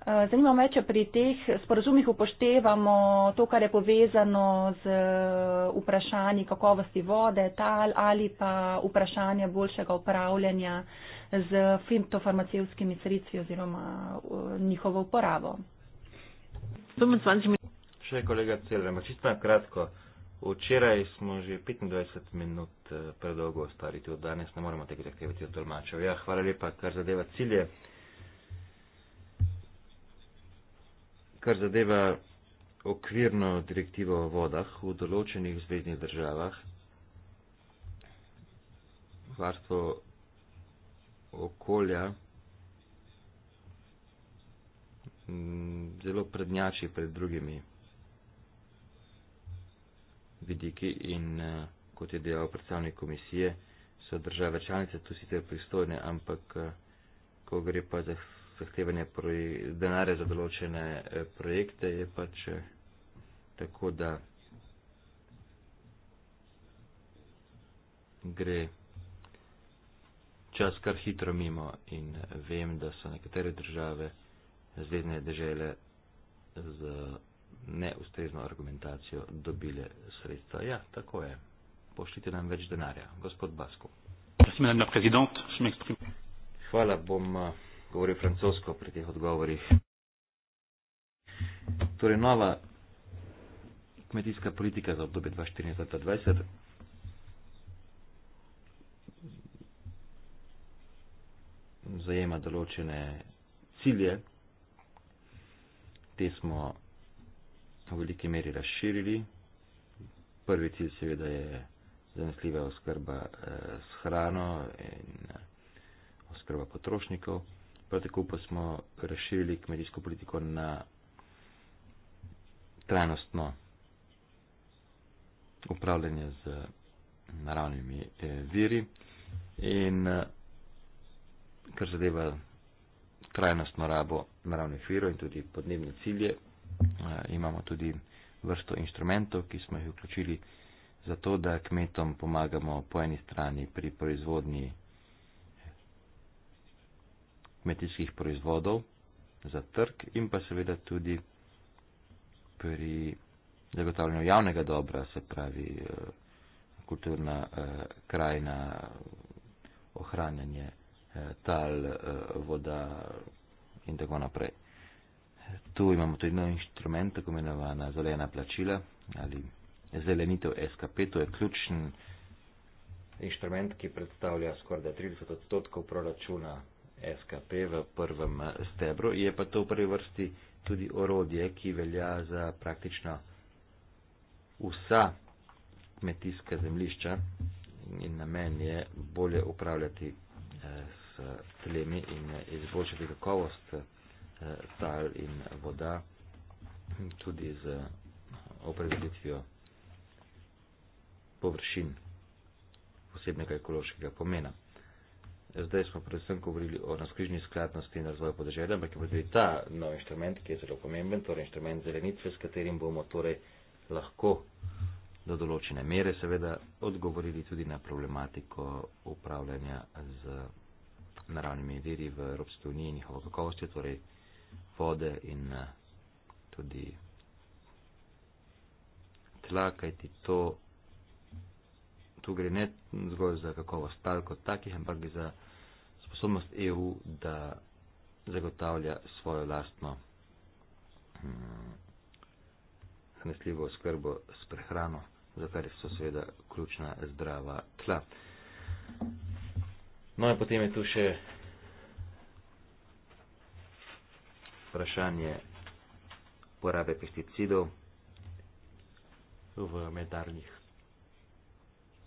Eh, zanima me, če pri teh sporazumih upoštevamo to, kar je povezano z eh, vprašanji kakovosti vode, tal ali pa vprašanje boljšega upravljanja z fitofarmacevskimi sredstvi oziroma njihovo uporabo. 25. Še kolega Celem, čisto na kratko. Včeraj smo že 25 minut eh, predolgo ostali, tudi danes ne moremo tega zahtevati od tolmačev. Ja, hvala lepa, kar zadeva cilje. Kar zadeva okvirno direktivo o vodah v določenih zvezdnih državah, varstvo okolja mm, zelo prednjači pred drugimi vidiki in eh, kot je dejal predstavnik komisije, so države članice tu sicer pristojne, ampak eh, ko gre pa za zahtevanje denarja za določene eh, projekte, je pač tako, da gre čas kar hitro mimo in vem, da so nekatere države, zvezdne države, z neustrezno argumentacijo dobile sredstva. Ja, tako je. Pošljite nam več denarja. Gospod Basko. Hvala, bom eh, govoril francosko pri teh odgovorih. Torej, nova kmetijska politika za obdobje 2014-2020 zajema določene cilje. Te smo v veliki meri razširili. Prvi cilj seveda je zanesljiva oskrba eh, s hrano in eh, oskrba potrošnikov. Prav tako pa smo razširili kmetijsko politiko na trajnostno upravljanje z naravnimi eh, viri in eh, kar zadeva trajnostno rabo naravnih virov in tudi podnebne cilje, Eh, imamo tudi vrsto inštrumentov, ki smo jih vključili za to, da kmetom pomagamo po eni strani pri proizvodnji eh, kmetijskih proizvodov za trg in pa seveda tudi pri zagotavljanju javnega dobra, se pravi eh, kulturna krajina, ohranjanje tal, voda in tako naprej. Tu imamo tudi nov inštrument, tako imenovana zelena plačila ali zelenitev SKP. To je ključen inštrument, ki predstavlja skoraj 30 odstotkov proračuna SKP v prvem eh, stebru. Je pa to v prvi vrsti tudi orodje, ki velja za praktično vsa kmetijska zemlišča in namen je bolje upravljati eh, s tlemi in eh, izboljšati kakovost tal in voda, tudi z opredelitvijo površin posebnega ekološkega pomena. Zdaj smo predvsem govorili o naskrižni skladnosti in razvoju podeželja, ampak je tudi ta nov inštrument, ki je zelo pomemben, torej inštrument zelenice, s katerim bomo torej lahko do določene mere seveda odgovorili tudi na problematiko upravljanja z naravnimi viri v Evropski uniji in njihovo kakovostjo, torej vode in eh, tudi tla, kajti to, tu gre ne zgolj za kakovost tal kot takih, ampak za sposobnost EU, da zagotavlja svojo lastno hm, zanesljivo hm, skrbo s prehrano, za kar so seveda ključna zdrava tla. No in potem je tu še vprašanje porabe pesticidov v medarnih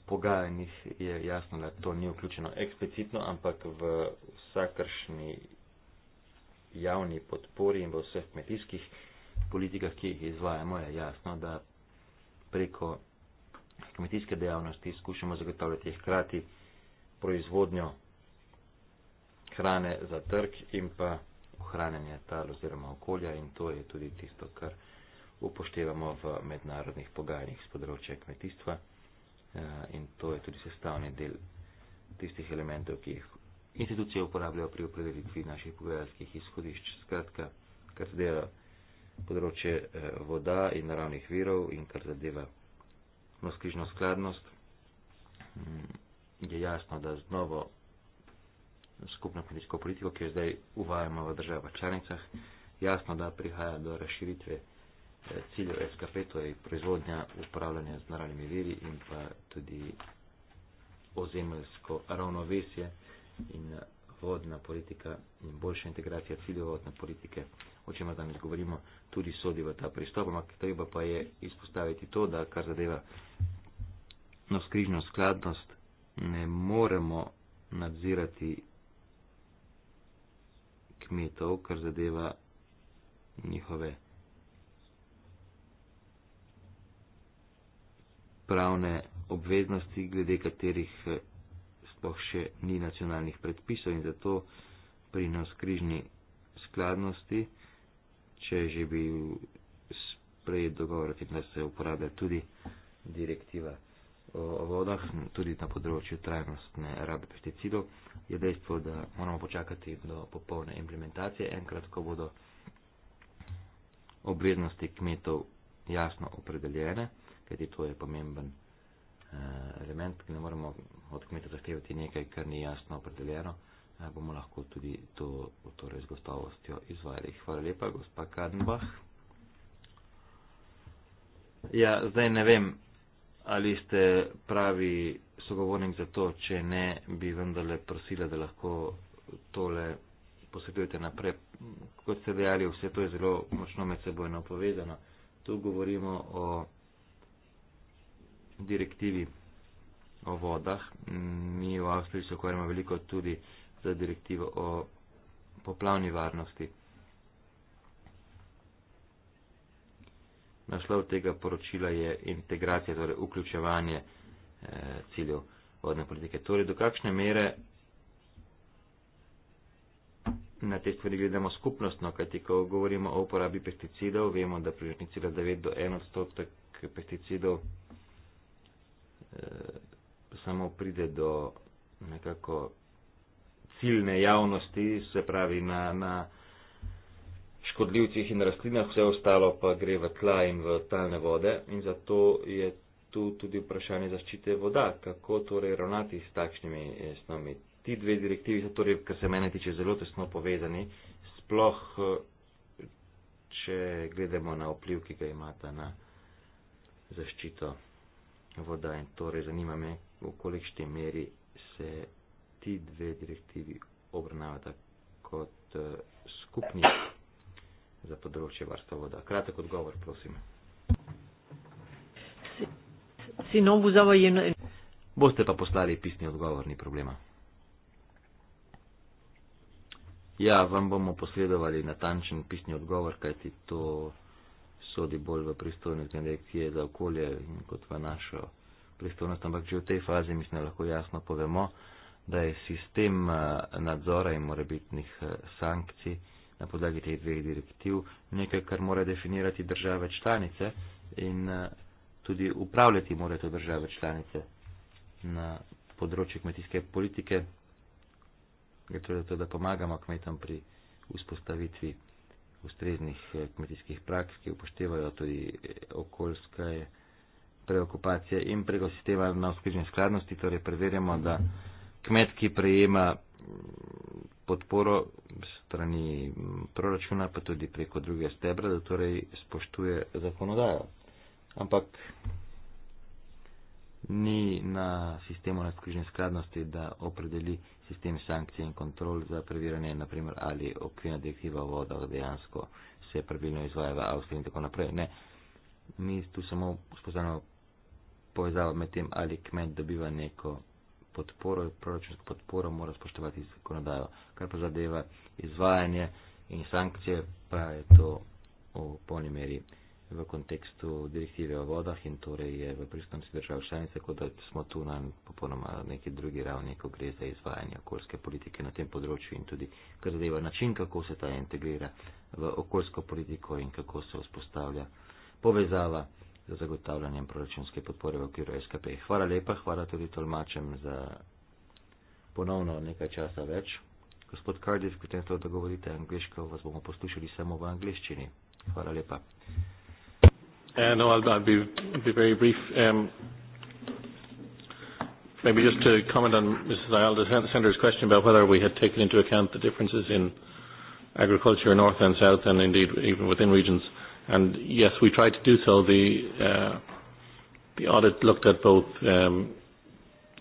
pogajanjih je jasno, da to ni vključeno eksplicitno, ampak v vsakršni javni podpori in v vseh kmetijskih politikah, ki jih izvajamo, je jasno, da preko kmetijske dejavnosti skušamo zagotavljati hkrati proizvodnjo hrane za trg in pa ohranjanje tal oziroma okolja in to je tudi tisto, kar upoštevamo v mednarodnih pogajanjih z področja kmetijstva eh, in to je tudi sestavni del tistih elementov, ki jih institucije uporabljajo pri opredelitvi naših pogajalskih izhodišč. Skratka, kar zadeva področje eh, voda in naravnih virov in kar zadeva množkrižno skladnost, mm, je jasno, da z novo skupno kmetijsko politiko, ki jo zdaj uvajamo v državah članicah. Jasno, da prihaja do razširitve eh, ciljev SKP, to je proizvodnja, upravljanje z naravnimi viri in pa tudi ozemeljsko ravnovesje in eh, vodna politika in boljša integracija ciljev vodne politike, o čem danes govorimo, tudi sodi v ta pristop, ampak treba pa je izpostaviti to, da kar zadeva navskrižno skladnost, ne moremo nadzirati kmetov, kar zadeva njihove pravne obveznosti, glede katerih eh, sploh še ni nacionalnih predpisov in zato pri nas križni skladnosti, če že bi sprejet dogovor, da se uporablja tudi direktiva o vodah, tudi na področju trajnostne rabe pesticidov je dejstvo, da moramo počakati do popolne implementacije, enkrat, ko bodo obveznosti kmetov jasno opredeljene, kajti to je pomemben eh, element, ki ne moremo od kmeta zahtevati nekaj, kar ni jasno opredeljeno, eh, bomo lahko tudi to torej z gostovostjo izvajali. Hvala lepa, gospa Kadenbach. Ja, zdaj ne vem, ali ste pravi sogovornik za to, če ne, bi vendarle prosila, da lahko tole posvetujete naprej. Kot ste dejali, vse to je zelo močno med sebojno povezano. Tu govorimo o direktivi o vodah. Mi v Avstriji se ukvarjamo veliko tudi za direktivo o poplavni varnosti. Naslov tega poročila je integracija, torej vključevanje eh, ciljev vodne politike. Torej, do kakšne mere na te stvari gledamo skupnostno, kajti ko govorimo o uporabi pesticidov, vemo, da prižni cilj 9 do 1 odstotek pesticidov eh, samo pride do nekako ciljne javnosti, se pravi na. na škodljivcih in rastlinah, vse ostalo pa gre v tla in v talne vode in zato je tu tudi vprašanje zaščite voda, kako torej ravnati s takšnimi eh, snovmi. Ti dve direktivi so torej, kar se mene tiče, zelo tesno povezani, sploh eh, če gledamo na vpliv, ki ga imata na zaščito voda in torej zanima me, v kolikšti meri se ti dve direktivi obravnavata kot eh, skupni za področje varstva voda. Kratek odgovor, prosim. No Boste pa poslali pisni odgovor, ni problema. Ja, vam bomo posredovali natančen pisni odgovor, kajti to sodi bolj v pristojnost direkcije za okolje kot v našo pristojnost. Ampak že v tej fazi mislim, da lahko jasno povemo, da je sistem eh, nadzora in morebitnih eh, sankcij na podlagi teh dveh direktiv, nekaj, kar mora definirati države članice in eh, tudi upravljati mora to države članice na področju kmetijske politike, torej zato to, da pomagamo kmetom pri vzpostavitvi ustreznih eh, kmetijskih praks, ki upoštevajo tudi eh, okoljske preokupacije in preko sistema na uspešne skladnosti, torej preverjamo, da kmet, ki prejema podporo strani mm, proračuna, pa tudi preko druge stebre, da torej spoštuje zakonodajo. Ampak ni na sistemu nadkrižne skladnosti, da opredeli sistem sankcij in kontrol za previranje, naprimer, ali okvirna direktiva o vodah dejansko se pravilno izvaja v Avstriji in tako naprej. Ne. Mi tu samo spoznamo povezavo med tem, ali kmet dobiva neko podporo, proračunsko podporo mora spoštovati zakonodajo. Kar pa zadeva izvajanje in sankcije, pa je to v polni meri v kontekstu direktive o vodah in torej je v pristojnosti držav članice, tako da smo tu na popolnoma neki drugi ravni, ko gre za izvajanje okoljske politike na tem področju in tudi kar zadeva način, kako se ta integrira v okoljsko politiko in kako se vzpostavlja povezava za zagotavljanjem proračunske podpore v okviru SKP. Hvala lepa, hvala tudi tolmačem za ponovno nekaj časa več. Gospod Cardiff, potem to, da govorite angliško, vas bomo poslušali samo v angliščini. Hvala lepa. Uh, no, I'll, I'll be, be very brief. Um, maybe just to comment on Mrs. Ayala Senator's question about whether we had taken into account the differences in agriculture north and south and indeed even within regions. Yes, we tried to do so. The uh, audit looked at both um,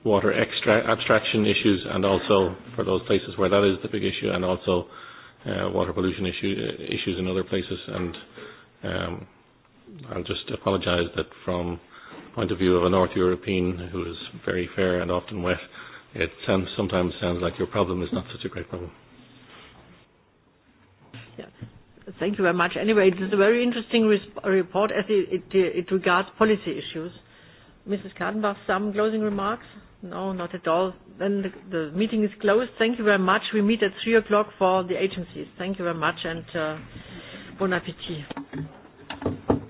water abstraction issues and also for those places where that is the big issue, and also uh, water pollution uh, issues in other places. Um, I'll just apologize that from the point of view of a North European who is very fair and often wet, it sometimes sounds like your problem is not such a great problem. Yeah. Thank you very much. Anyway, it is a very interesting report as it, it, it regards policy issues. Mrs. Kadenbach, some closing remarks? No, not at all. Then the, the meeting is closed. Thank you very much. We meet at 3 o'clock for the agencies. Thank you very much and uh, bon appetit. Thank you.